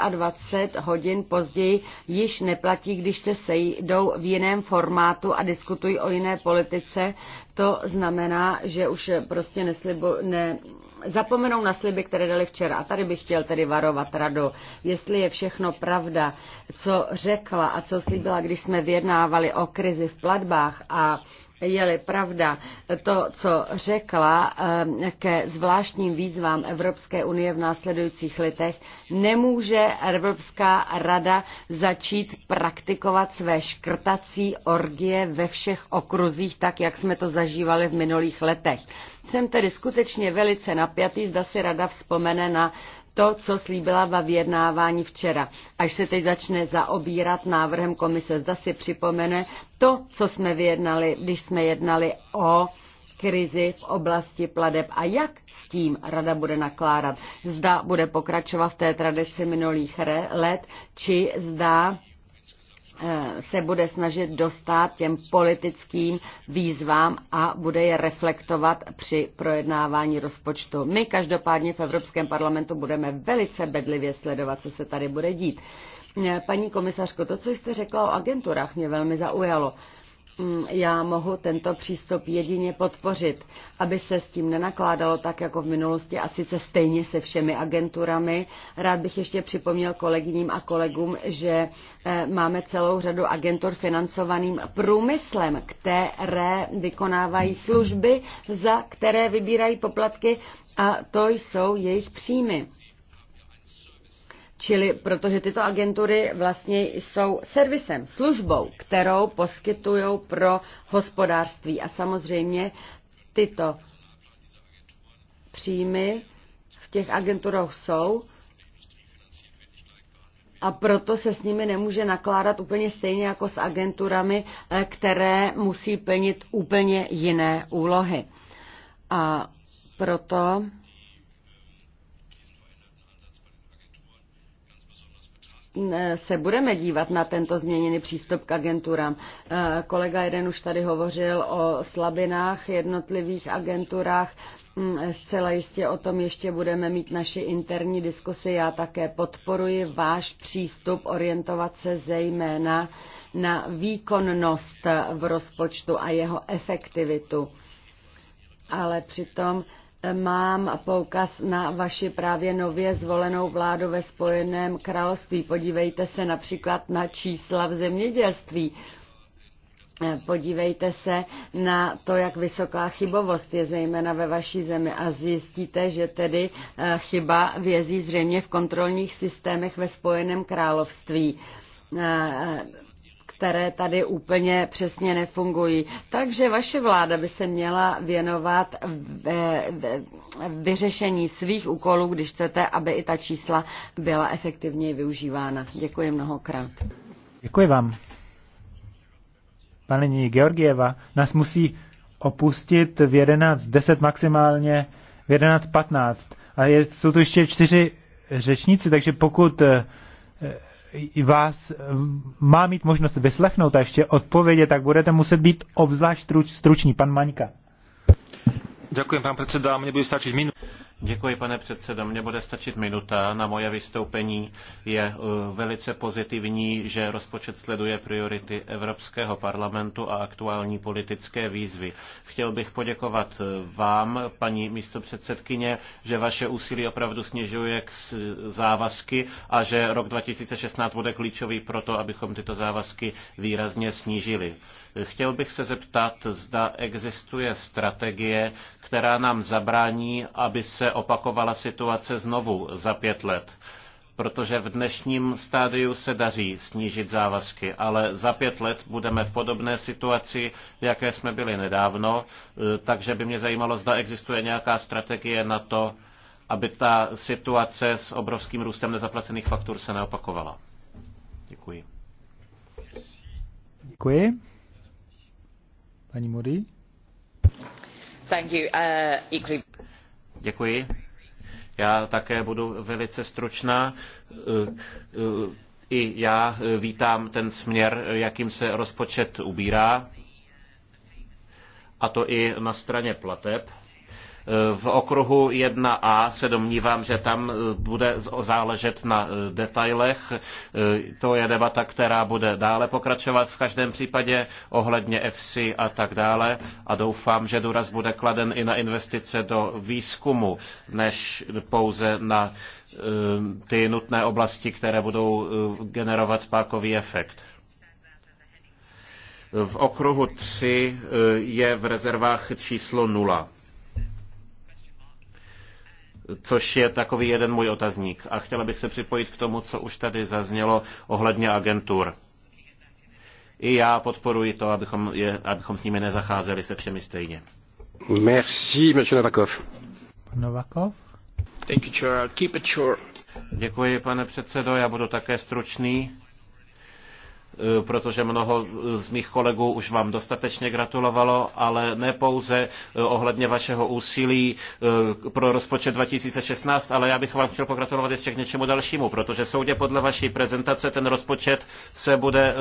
hodin později již neplatí, když se sejdou v jiném formátu a diskutují o jiné politice. To znamená, že už prostě neslibu, ne, zapomenou na sliby, které dali včera. A tady bych chtěl tedy varovat radu, jestli je všechno pravda, co řekla a co slíbila, když jsme vyjednávali o krizi v platbách a je-li pravda to, co řekla eh, ke zvláštním výzvám Evropské unie v následujících letech, nemůže Evropská rada začít praktikovat své škrtací orgie ve všech okruzích, tak jak jsme to zažívali v minulých letech. Jsem tedy skutečně velice napjatý, zda si rada vzpomene na to, co slíbila ve vyjednávání včera, až se teď začne zaobírat návrhem komise. Zda si připomene to, co jsme vyjednali, když jsme jednali o krizi v oblasti pladeb a jak s tím rada bude nakládat. Zda bude pokračovat v té tradici minulých let, či zda Eh, se bude snažit dostat těm politickým výzvám a bude je reflektovat při projednávání rozpočtu. My každopádně v Evropském parlamentu budeme velice bedlivě sledovat, co se tady bude dít. Eh, paní komisařko, to, co jste řekla o agenturách, mě velmi zaujalo. Mm, já mohu tento přístup jedině podpořit, aby se s tím nenakládalo tak jako v minulosti a sice stejně se všemi agenturami. Rád bych ještě připomněl kolegyním a kolegům, že eh, máme celou řadu agentur financovaným průmyslem, které vykonávají služby, za které vybírají poplatky a to jsou jejich příjmy. Čili protože tyto agentury vlastně jsou servisem, službou, kterou poskytují pro hospodářství. A samozřejmě tyto příjmy v těch agenturách jsou a proto se s nimi nemůže nakládat úplně stejně jako s agenturami, eh, které musí plnit úplně jiné úlohy. A proto se budeme dívat na tento změněný přístup k agenturám. Eh, kolega jeden už tady hovořil o slabinách jednotlivých agenturách. Mm, zcela jistě o tom ještě budeme mít naši interní diskusy. Já také podporuji váš přístup orientovat se zejména na výkonnost v rozpočtu a jeho efektivitu. Ale přitom mám poukaz na vaši právě nově zvolenou vládu ve Spojeném království. Podívejte se například na čísla v zemědělství. Eh, podívejte se na to, jak vysoká chybovost je zejména ve vaší zemi a zjistíte, že tedy eh, chyba vězí zřejmě v kontrolních systémech ve Spojeném království eh, které tady úplně přesně nefungují. Takže vaše vláda by se měla věnovat vyřešení svých úkolů, když chcete, aby i ta čísla byla efektivněji využívána. Děkuji mnohokrát. Děkuji vám. Paní Georgieva nás musí opustit v 11.10 maximálně, v 11.15. A je, jsou tu ještě čtyři řečníci, takže pokud eh, vás eh, má mít možnost vyslechnout a ještě odpovědět, tak budete muset být obzvlášť struč, struční. Pan Maňka. Děkuji, pan předseda, mě bude stačit minut. Děkuji, pane předsedo. Mně bude stačit minuta na moje vystoupení. Je eh, velice pozitivní, že rozpočet sleduje priority Evropského parlamentu a aktuální politické výzvy. Chtěl bych poděkovat eh, vám, paní místopředsedkyně, že vaše úsilí opravdu snižuje k závazky a že rok 2016 bude klíčový pro to, abychom tyto závazky výrazně snížili. Chtěl bych se zeptat, zda existuje strategie, která nám zabrání, aby se opakovala situace znovu za pět let protože v dnešním stádiu se daří snížit závazky, ale za pět let budeme v podobné situaci, jaké jsme byli nedávno, e, takže by mě zajímalo, zda existuje nějaká strategie na to, aby ta situace s obrovským růstem nezaplacených faktur se neopakovala. Děkuji. Děkuji. Paní Mody. Thank you. Uh, equally... Děkuji. Já také budu velice stručná. I já vítám ten směr, jakým se rozpočet ubírá, a to i na straně plateb. Eh, v okruhu 1a se domnívám, že tam eh, bude záležet na eh, detailech. To je debata, která bude dále pokračovat v každém případě ohledně EFSI a tak dále. A doufám, že důraz bude kladen i na investice do výzkumu, než pouze na ty nutné oblasti, které budou generovat pákový efekt. V okruhu 3 je v rezervách číslo 0 což je takový jeden můj otazník. A chtěla bych se připojit k tomu, co už tady zaznělo ohledně agentur. I já podporuji to, abychom, je, abychom s nimi nezacházeli se všemi stejně. Merci, monsieur Novakov. Pan Novakov? Thank you, Chair. keep it short. Děkuji, pane předsedo, já budu také stručný. Eh, protože mnoho z mých kolegů už vám dostatečně gratulovalo, ale ne pouze eh, ohledně vašeho úsilí eh, pro rozpočet 2016, ale já bych vám chtěl pogratulovat ještě k něčemu dalšímu, protože soudě podle vaší prezentace ten rozpočet se bude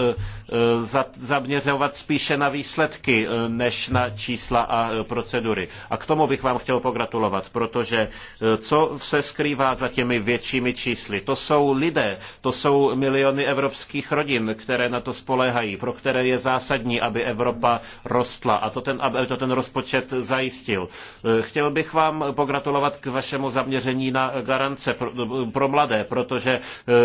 zaměřovat spíše na výsledky, než na čísla a procedury. A k tomu bych vám chtěl pogratulovat, protože co se skrývá za těmi většími čísly? To jsou lidé, to jsou miliony evropských rodin, které které na to spolehají, pro které je zásadní, aby Evropa rostla a to ten, aby to ten rozpočet zajistil. Eh, chtěl bych vám pogratulovat k vašemu zaměření na garance pro, pro mladé, protože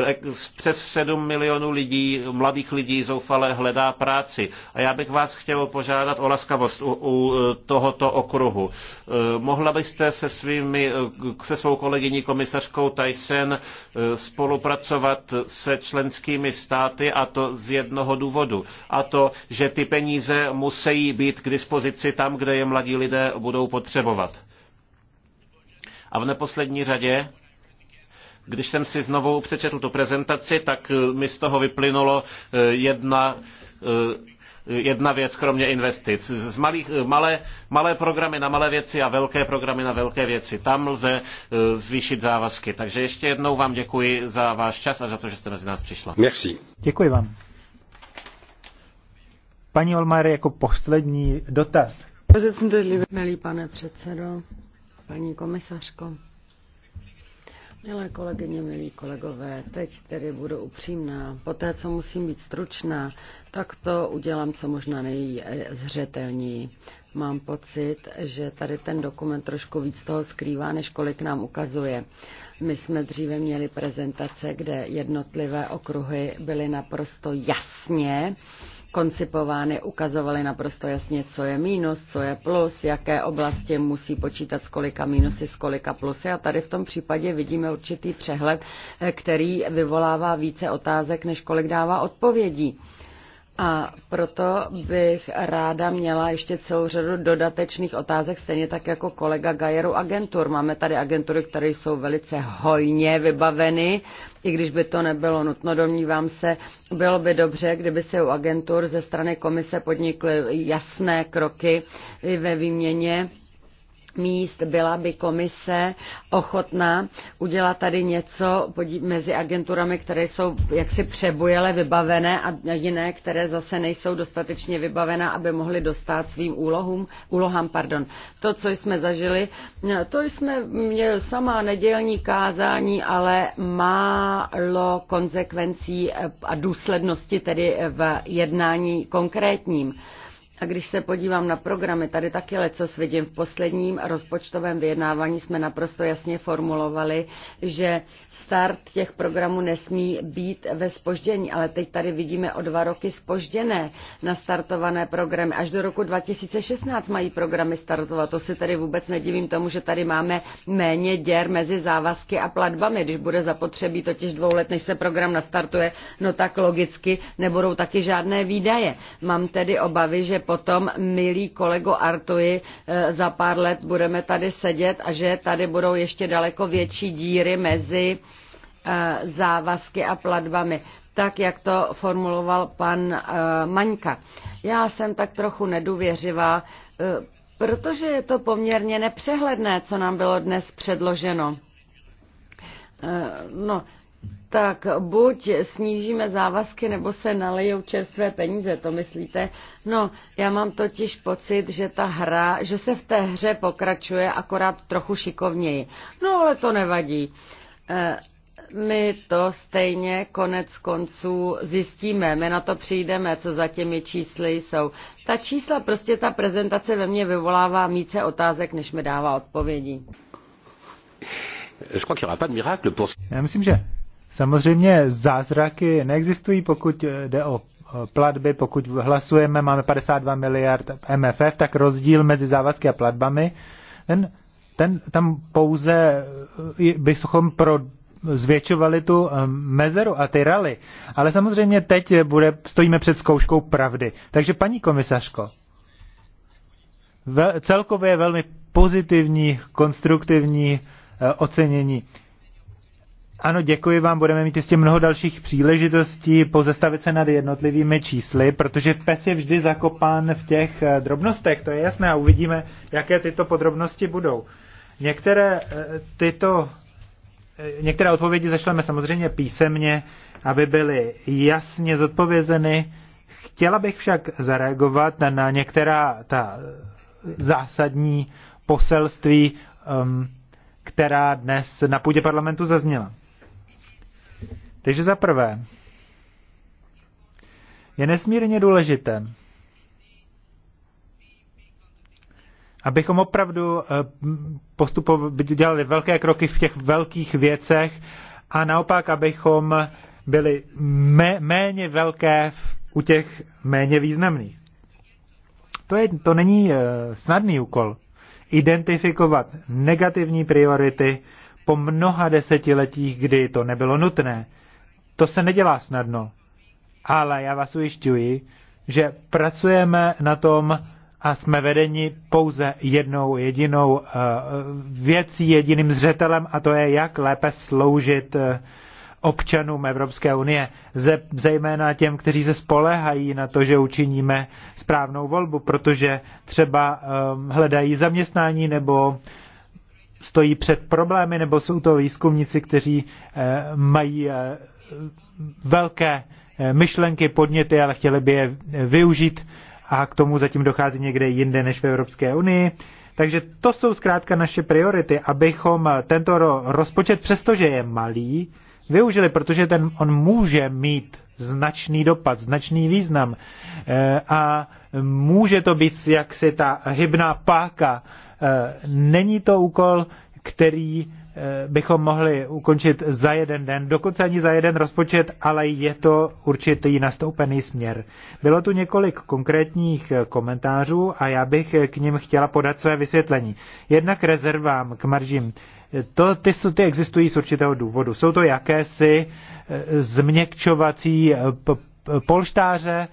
eh, přes 7 milionů lidí, mladých lidí zoufale hledá práci. A já bych vás chtěl požádat o laskavost u, u eh, tohoto okruhu. Mohla byste se, svými, se svou kolegyní komisařkou Tyson spolupracovat se členskými státy a to z jednoho důvodu. A to, že ty peníze musí být k dispozici tam, kde je mladí lidé budou potřebovat. A v neposlední řadě když jsem si znovu přečetl tu prezentaci, tak eh, mi z toho vyplynulo eh, jedna, eh, jedna věc, kromě investic. Z malých, malé, malé programy na malé věci a velké programy na velké věci. Tam lze zvýšit závazky. Takže ještě jednou vám děkuji za váš čas a za to, že jste mezi nás přišla. Merci. Děkuji vám. Paní Olmar, jako poslední dotaz. Milý pane předsedo, paní komisařko, milé kolegyně, milí kolegové, teď tedy budu upřímná. Poté, co musím být stručná, tak to udělám co možná nejzřetelněji. Mám pocit, že tady ten dokument trošku víc toho skrývá, než kolik nám ukazuje. My jsme dříve měli prezentace, kde jednotlivé okruhy byly naprosto jasně koncipovány, ukazovaly naprosto jasně, co je mínus, co je plus, jaké oblasti musí počítat s kolika mínusy, s kolika plusy. A tady v tom případě vidíme určitý přehled, eh, který vyvolává více otázek, než kolik dává odpovědí. A proto bych ráda měla ještě celou řadu dodatečných otázek, stejně tak jako kolega Gajeru agentur. Máme tady agentury, které jsou velice hojně vybaveny, i když by to nebylo nutno, domnívám se, bylo by dobře, kdyby se u agentur ze strany komise podnikly jasné kroky ve výměně míst. Byla by komise ochotná udělat tady něco mezi agenturami, které jsou jaksi přebujele vybavené a jiné, které zase nejsou dostatečně vybavené, aby mohly dostat svým úlohům, úlohám. Pardon. To, co jsme zažili, to jsme měli sama nedělní kázání, ale málo konsekvencí a důslednosti tedy v jednání konkrétním. A když se podívám na programy, tady taky leco vidím. V posledním rozpočtovém vyjednávání jsme naprosto jasně formulovali, že start těch programů nesmí být ve spoždění, ale teď tady vidíme o dva roky spožděné nastartované programy. Až do roku 2016 mají programy startovat. To si tady vůbec nedivím tomu, že tady máme méně děr mezi závazky a platbami. Když bude zapotřebí totiž dvou let, než se program nastartuje, no tak logicky nebudou taky žádné výdaje. Mám tedy obavy, že potom, milý kolego Artuji, eh, za pár let budeme tady sedět a že tady budou ještě daleko větší díry mezi Eh, závazky a platbami, tak jak to formuloval pan eh, Maňka. Já jsem tak trochu nedůvěřivá, eh, protože je to poměrně nepřehledné, co nám bylo dnes předloženo. No, tak buď snížíme závazky, nebo se nalejou čerstvé peníze, to myslíte? No, já mám totiž pocit, že ta hra, že se v té hře pokračuje akorát trochu šikovněji. No, ale to nevadí my to stejně konec konců zjistíme, my na to přijdeme, co za těmi čísly jsou. Ta čísla, prostě ta prezentace ve mně vyvolává více otázek, než mi dává odpovědí. Já myslím, že samozřejmě zázraky neexistují, pokud eh, jde o eh, platby, pokud hlasujeme, máme 52 miliard MFF, tak rozdíl mezi závazky a platbami, ten, ten tam pouze eh, bychom pro, zvětšovali tu eh, mezeru a ty rally. Ale samozřejmě teď bude, stojíme před zkouškou pravdy. Takže paní komisařko, vel, celkově velmi pozitivní, konstruktivní eh, ocenění. Ano, děkuji vám, budeme mít jistě mnoho dalších příležitostí pozastavit se nad jednotlivými čísly, protože pes je vždy zakopán v těch eh, drobnostech, to je jasné a uvidíme, jaké tyto podrobnosti budou. Některé tyto Eh, některé odpovědi zašleme samozřejmě písemně, aby byly jasně zodpovězeny. Chtěla bych však zareagovat na některá ta zásadní poselství, um, která dnes na půdě parlamentu zazněla. Takže za prvé, je nesmírně důležité, abychom opravdu eh, postupovali, dělali velké kroky v těch velkých věcech a naopak, abychom byli méně velké u těch méně významných. To, je, to není eh, snadný úkol. Identifikovat negativní priority po mnoha desetiletích, kdy to nebylo nutné. To se nedělá snadno. Ale já vás ujišťuji, že pracujeme na tom, a jsme vedeni pouze jednou jedinou eh, věcí, jediným zřetelem a to je, jak lépe sloužit eh, občanům Evropské unie, ze, zejména těm, kteří se spolehají na to, že učiníme správnou volbu, protože třeba um, hledají zaměstnání nebo stojí před problémy, nebo jsou to výzkumníci, kteří uh, mají uh, velké myšlenky, podněty, ale chtěli by je využít a k tomu zatím dochází někde jinde než v Evropské unii. Takže to jsou zkrátka naše priority, abychom tento rozpočet, přestože je malý, využili, protože ten on může mít značný dopad, značný význam eh, a může to být jaksi ta hybná páka. Eh, není to úkol, který Eh, bychom mohli ukončit za jeden den, dokonce ani za jeden rozpočet, ale je to určitý nastoupený směr. Bylo tu několik konkrétních eh, komentářů a já bych eh, k ním chtěla podat své vysvětlení. Jednak rezervám k maržím. To, ty, ty existují z určitého důvodu. Jsou to jakési změkčovací polštáře,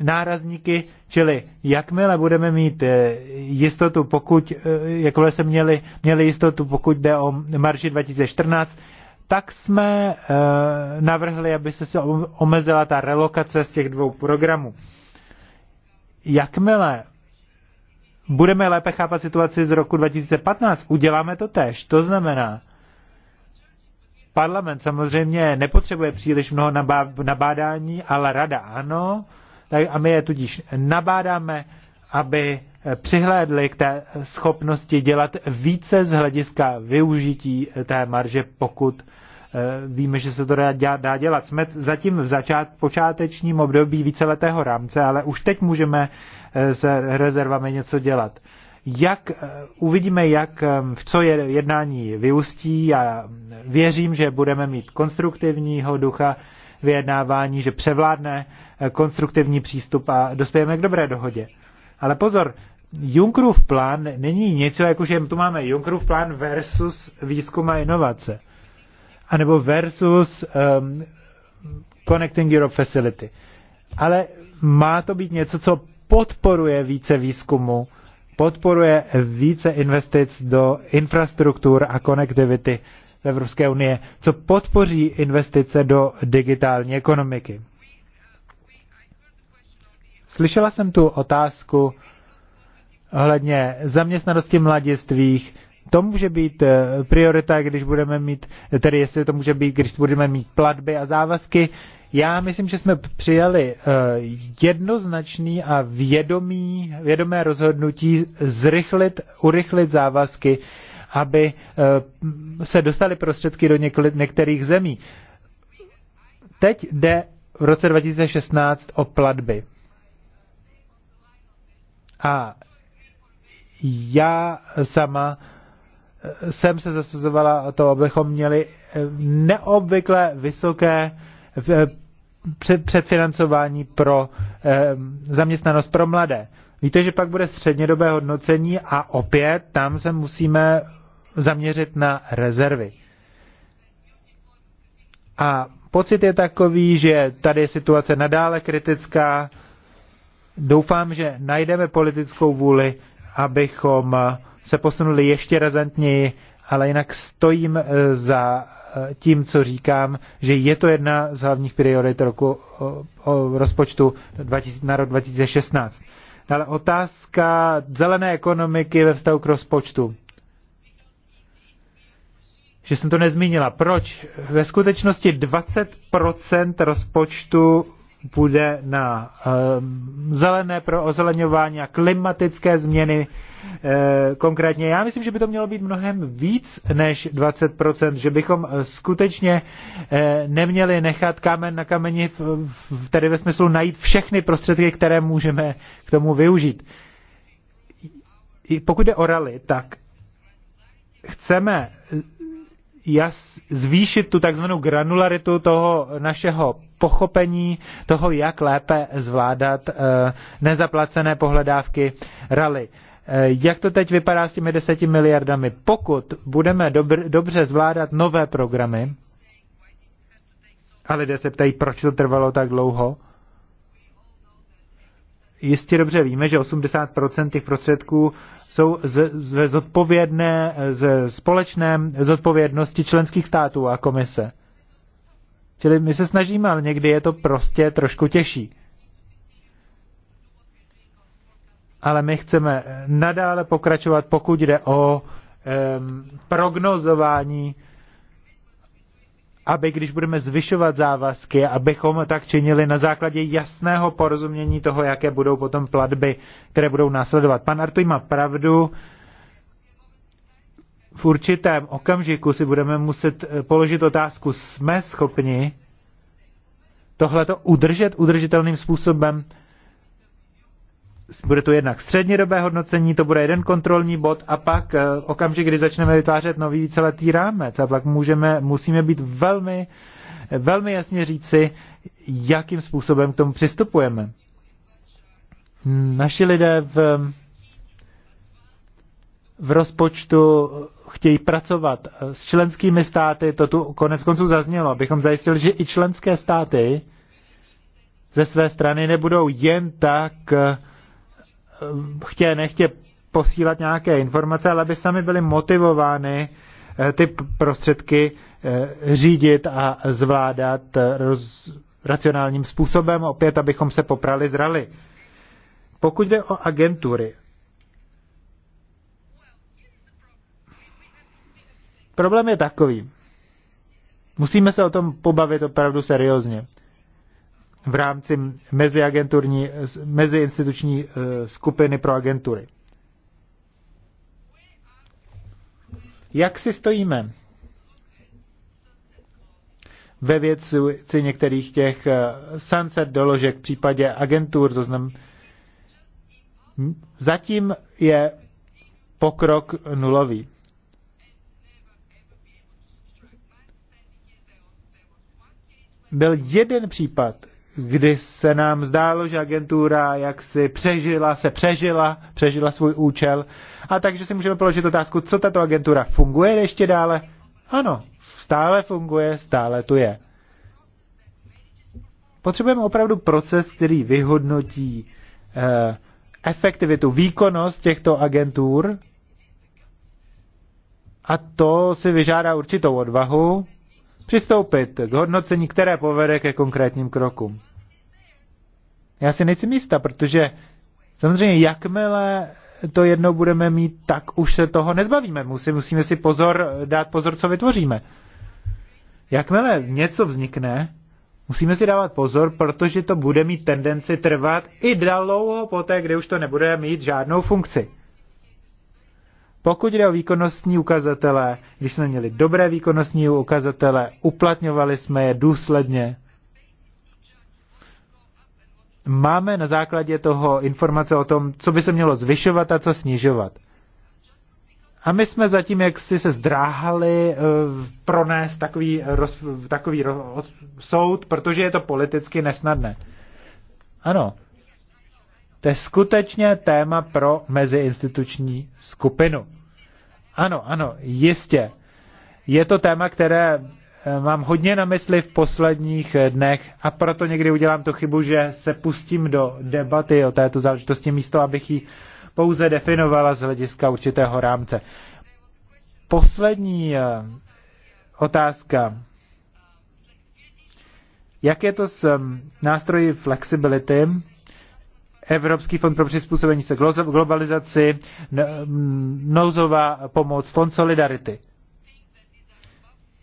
nárazníky, čili jakmile budeme mít eh, jistotu, pokud, eh, jakmile se měli, měli jistotu, pokud jde o marži 2014, tak jsme eh, navrhli, aby se, se omezila ta relokace z těch dvou programů. Jakmile budeme lépe chápat situaci z roku 2015, uděláme to tež. To znamená, parlament samozřejmě nepotřebuje příliš mnoho nabádání, ale rada ano, a my je tudíž nabádáme, aby eh, přihlédli k té schopnosti dělat více z hlediska využití eh, té marže, pokud eh, víme, že se to dá dělat. Jsme zatím v začát, počátečním období víceletého rámce, ale už teď můžeme s rezervami něco dělat. Jak uvidíme, jak, v co je jednání vyústí a mm, věřím, že budeme mít konstruktivního ducha, vyjednávání, že převládne eh, konstruktivní přístup a dospějeme k dobré dohodě. Ale pozor, Junckerův plán není něco jako, že tu máme Junckerův plán versus výzkum a inovace. A nebo versus um, Connecting Europe Facility. Ale má to být něco, co podporuje více výzkumu, podporuje více investic do infrastruktur a konektivity Evropské unie, co podpoří investice do digitální ekonomiky. Slyšela jsem tu otázku ohledně zaměstnanosti mladistvých. To může být eh, priorita, když budeme mít, tedy jestli to může být, když budeme mít platby a závazky. Já myslím, že jsme přijali eh, jednoznačný a vědomý, vědomé rozhodnutí zrychlit, urychlit závazky aby eh, se dostaly prostředky do některých zemí. Teď jde v roce 2016 o platby. A já sama eh, jsem se zasazovala o to, abychom měli eh, neobvykle vysoké předfinancování pro zaměstnanost pro mladé. Víte, že pak bude střednědobé hodnocení a opět tam se musíme zaměřit na rezervy. A pocit je takový, že tady je situace nadále kritická. Doufám, že najdeme politickou vůli, abychom se posunuli ještě razantněji, ale jinak stojím eh, za eh, tím, co říkám, že je to jedna z hlavních priorit roku o, o rozpočtu 20, na rok 2016. Ale otázka zelené ekonomiky ve vztahu k rozpočtu. Že jsem to nezmínila. Proč? Ve skutečnosti 20% rozpočtu bude na ehm, zelené pro ozeleňování a klimatické změny eh, konkrétně. Já myslím, že by to mělo být mnohem víc než 20%, že bychom eh, skutečně eh, neměli nechat kámen na kameni, tedy ve smyslu najít všechny prostředky, které můžeme k tomu využít. Pokud jde o rally, tak chceme jas, zvýšit tu takzvanou granularitu toho našeho pochopení toho, jak lépe zvládat eh, nezaplacené pohledávky rally. Eh, jak to teď vypadá s těmi deseti miliardami? Pokud budeme dobr, dobře zvládat nové programy, a lidé se ptají, proč to trvalo tak dlouho, jistě dobře víme, že 80% těch prostředků jsou ze zodpovědné, ze společné zodpovědnosti členských států a komise. Čili my se snažíme, ale někdy je to prostě trošku těžší. Ale my chceme nadále pokračovat, pokud jde o um, prognozování aby když budeme zvyšovat závazky, abychom tak činili na základě jasného porozumění toho, jaké budou potom platby, které budou následovat. Pan Artuj má pravdu, v určitém okamžiku si budeme muset eh, položit otázku, jsme schopni tohleto udržet udržitelným způsobem, bude tu jednak střednědobé hodnocení, to bude jeden kontrolní bod a pak eh, okamžik, kdy začneme vytvářet nový víceletý rámec a pak můžeme, musíme být velmi, velmi jasně říci, jakým způsobem k tomu přistupujeme. Naši lidé v, v rozpočtu chtějí pracovat eh, s členskými státy, to tu konec konců zaznělo, abychom zajistili, že i členské státy ze své strany nebudou jen tak uh, Eh, chtě nechtě posílat nějaké informace, ale aby sami byly motivovány eh, ty prostředky eh, řídit a zvládat roz, racionálním způsobem, opět, abychom se poprali zrali. Pokud jde o agentury, problém je takový. Musíme se o tom pobavit opravdu seriózně v rámci meziagenturní, meziinstituční eh, skupiny pro agentury. Jak si stojíme ve věci některých těch eh, sunset doložek v případě agentur, to znamená, zatím je pokrok nulový. Byl jeden případ, kdy se nám zdálo, že agentura jak si přežila, se přežila, přežila svůj účel. A takže si můžeme položit otázku, co tato agentura funguje ještě dále? Ano, stále funguje, stále tu je. Potřebujeme opravdu proces, který vyhodnotí eh, efektivitu, výkonnost těchto agentur a to si vyžádá určitou odvahu, přistoupit k hodnocení, které povede ke konkrétním krokům. Já si nejsem jistá, protože samozřejmě jakmile to jednou budeme mít, tak už se toho nezbavíme. Musí, musíme si pozor, dát pozor, co vytvoříme. Jakmile něco vznikne, musíme si dávat pozor, protože to bude mít tendenci trvat i dlouho poté, kdy už to nebude mít žádnou funkci. Pokud jde o výkonnostní ukazatele, když jsme měli dobré výkonnostní ukazatele, uplatňovali jsme je důsledně. Máme na základě toho informace o tom, co by se mělo zvyšovat a co snižovat. A my jsme zatím jaksi se zdráhali eh, pronést takový, roz, takový roz, soud, protože je to politicky nesnadné. Ano, to je skutečně téma pro meziinstituční skupinu. Ano, ano, jistě. Je to téma, které eh, mám hodně na mysli v posledních eh, dnech a proto někdy udělám tu chybu, že se pustím do debaty o této záležitosti místo, abych ji pouze definovala z hlediska určitého rámce. Poslední eh, otázka. Jak je to s nástroji flexibility? Evropský fond pro přizpůsobení se globalizaci, nouzová pomoc, fond solidarity.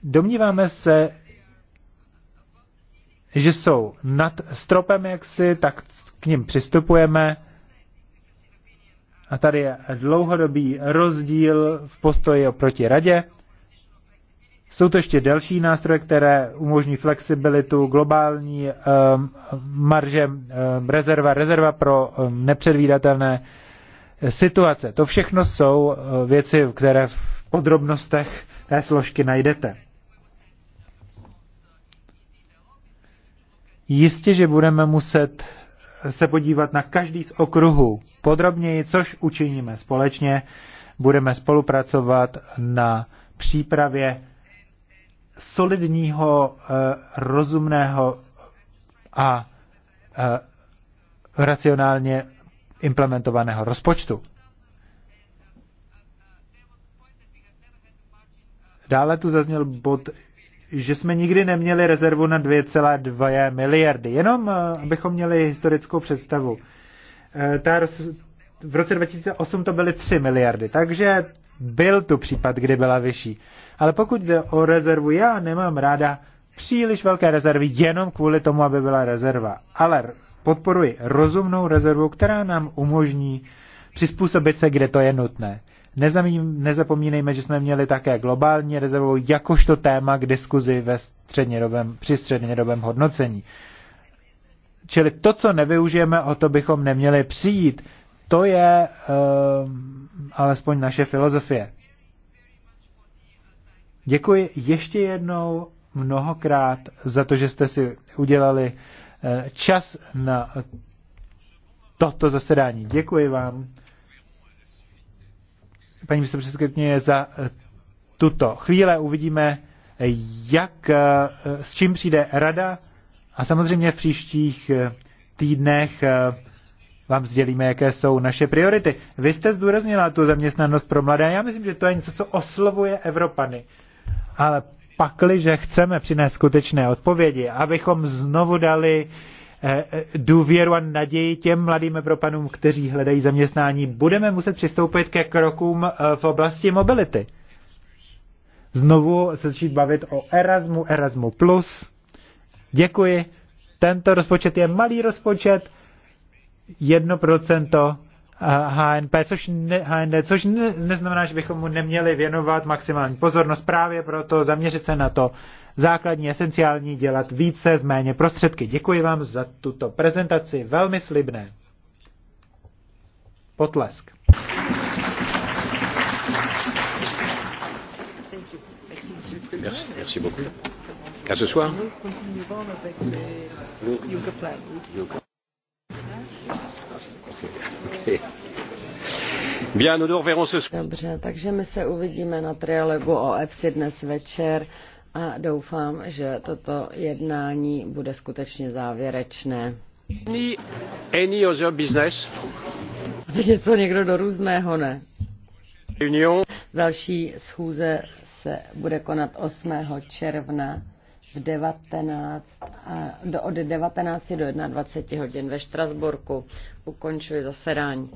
Domníváme se, že jsou nad stropem jaksi, tak k ním přistupujeme. A tady je dlouhodobý rozdíl v postoji oproti radě. Jsou to ještě další nástroje, které umožní flexibilitu, globální um, marže, um, rezerva, rezerva pro um, nepředvídatelné situace. To všechno jsou uh, věci, které v podrobnostech té složky najdete. Jistě, že budeme muset se podívat na každý z okruhů podrobněji, což učiníme společně. Budeme spolupracovat na přípravě solidního, eh, rozumného a eh, racionálně implementovaného rozpočtu. Dále tu zazněl bod, že jsme nikdy neměli rezervu na 2,2 miliardy. Jenom eh, abychom měli historickou představu. Ta roz... V roce 2008 to byly 3 miliardy, takže byl tu případ, kdy byla vyšší. Ale pokud jde o rezervu, já nemám ráda příliš velké rezervy jenom kvůli tomu, aby byla rezerva. Ale podporuji rozumnou rezervu, která nám umožní přizpůsobit se, kde to je nutné. nezapomínejme, že jsme měli také globální rezervu jakožto téma k diskuzi ve střednědobém, při střednědobém hodnocení. Čili to, co nevyužijeme, o to bychom neměli přijít. To je uh, alespoň naše filozofie. Děkuji ještě jednou mnohokrát za to, že jste si udělali eh, čas na toto zasedání. Děkuji vám, paní vicepředsedkyně, za eh, tuto chvíle. Uvidíme, eh, jak, s čím přijde rada a samozřejmě v příštích týdnech vám sdělíme, jaké jsou naše priority. Vy jste zdůraznila tu zaměstnanost pro mladé. Já myslím, že to je něco, co oslovuje Evropany. Ale pakliže chceme přinést skutečné odpovědi, abychom znovu dali eh, eh, důvěru a naději těm mladým Evropanům, kteří hledají zaměstnání, budeme muset přistoupit ke krokům eh, v oblasti mobility. Znovu se začít bavit o Erasmu, Erasmu+. Plus. Děkuji. Tento rozpočet je malý rozpočet, 1% HNP, což ne, HND, což ne, neznamená, že bychom mu neměli věnovat maximální pozornost. Právě proto zaměřit se na to základní, esenciální, dělat více z méně prostředky. Děkuji vám za tuto prezentaci, velmi slibné. Potlesk. Merci, merci beaucoup. À ce soir. Nous avec Yoga Plan. Dobře, takže my se uvidíme na trialogu o EFSI dnes večer a doufám, že toto jednání bude skutečně závěrečné. Any, any other business? Něco někdo do různého, ne? Union. Další schůze se bude konat 8. června z 19, a do, od 19 do 21 hodin ve Štrasburku. Ukončuji zasedání.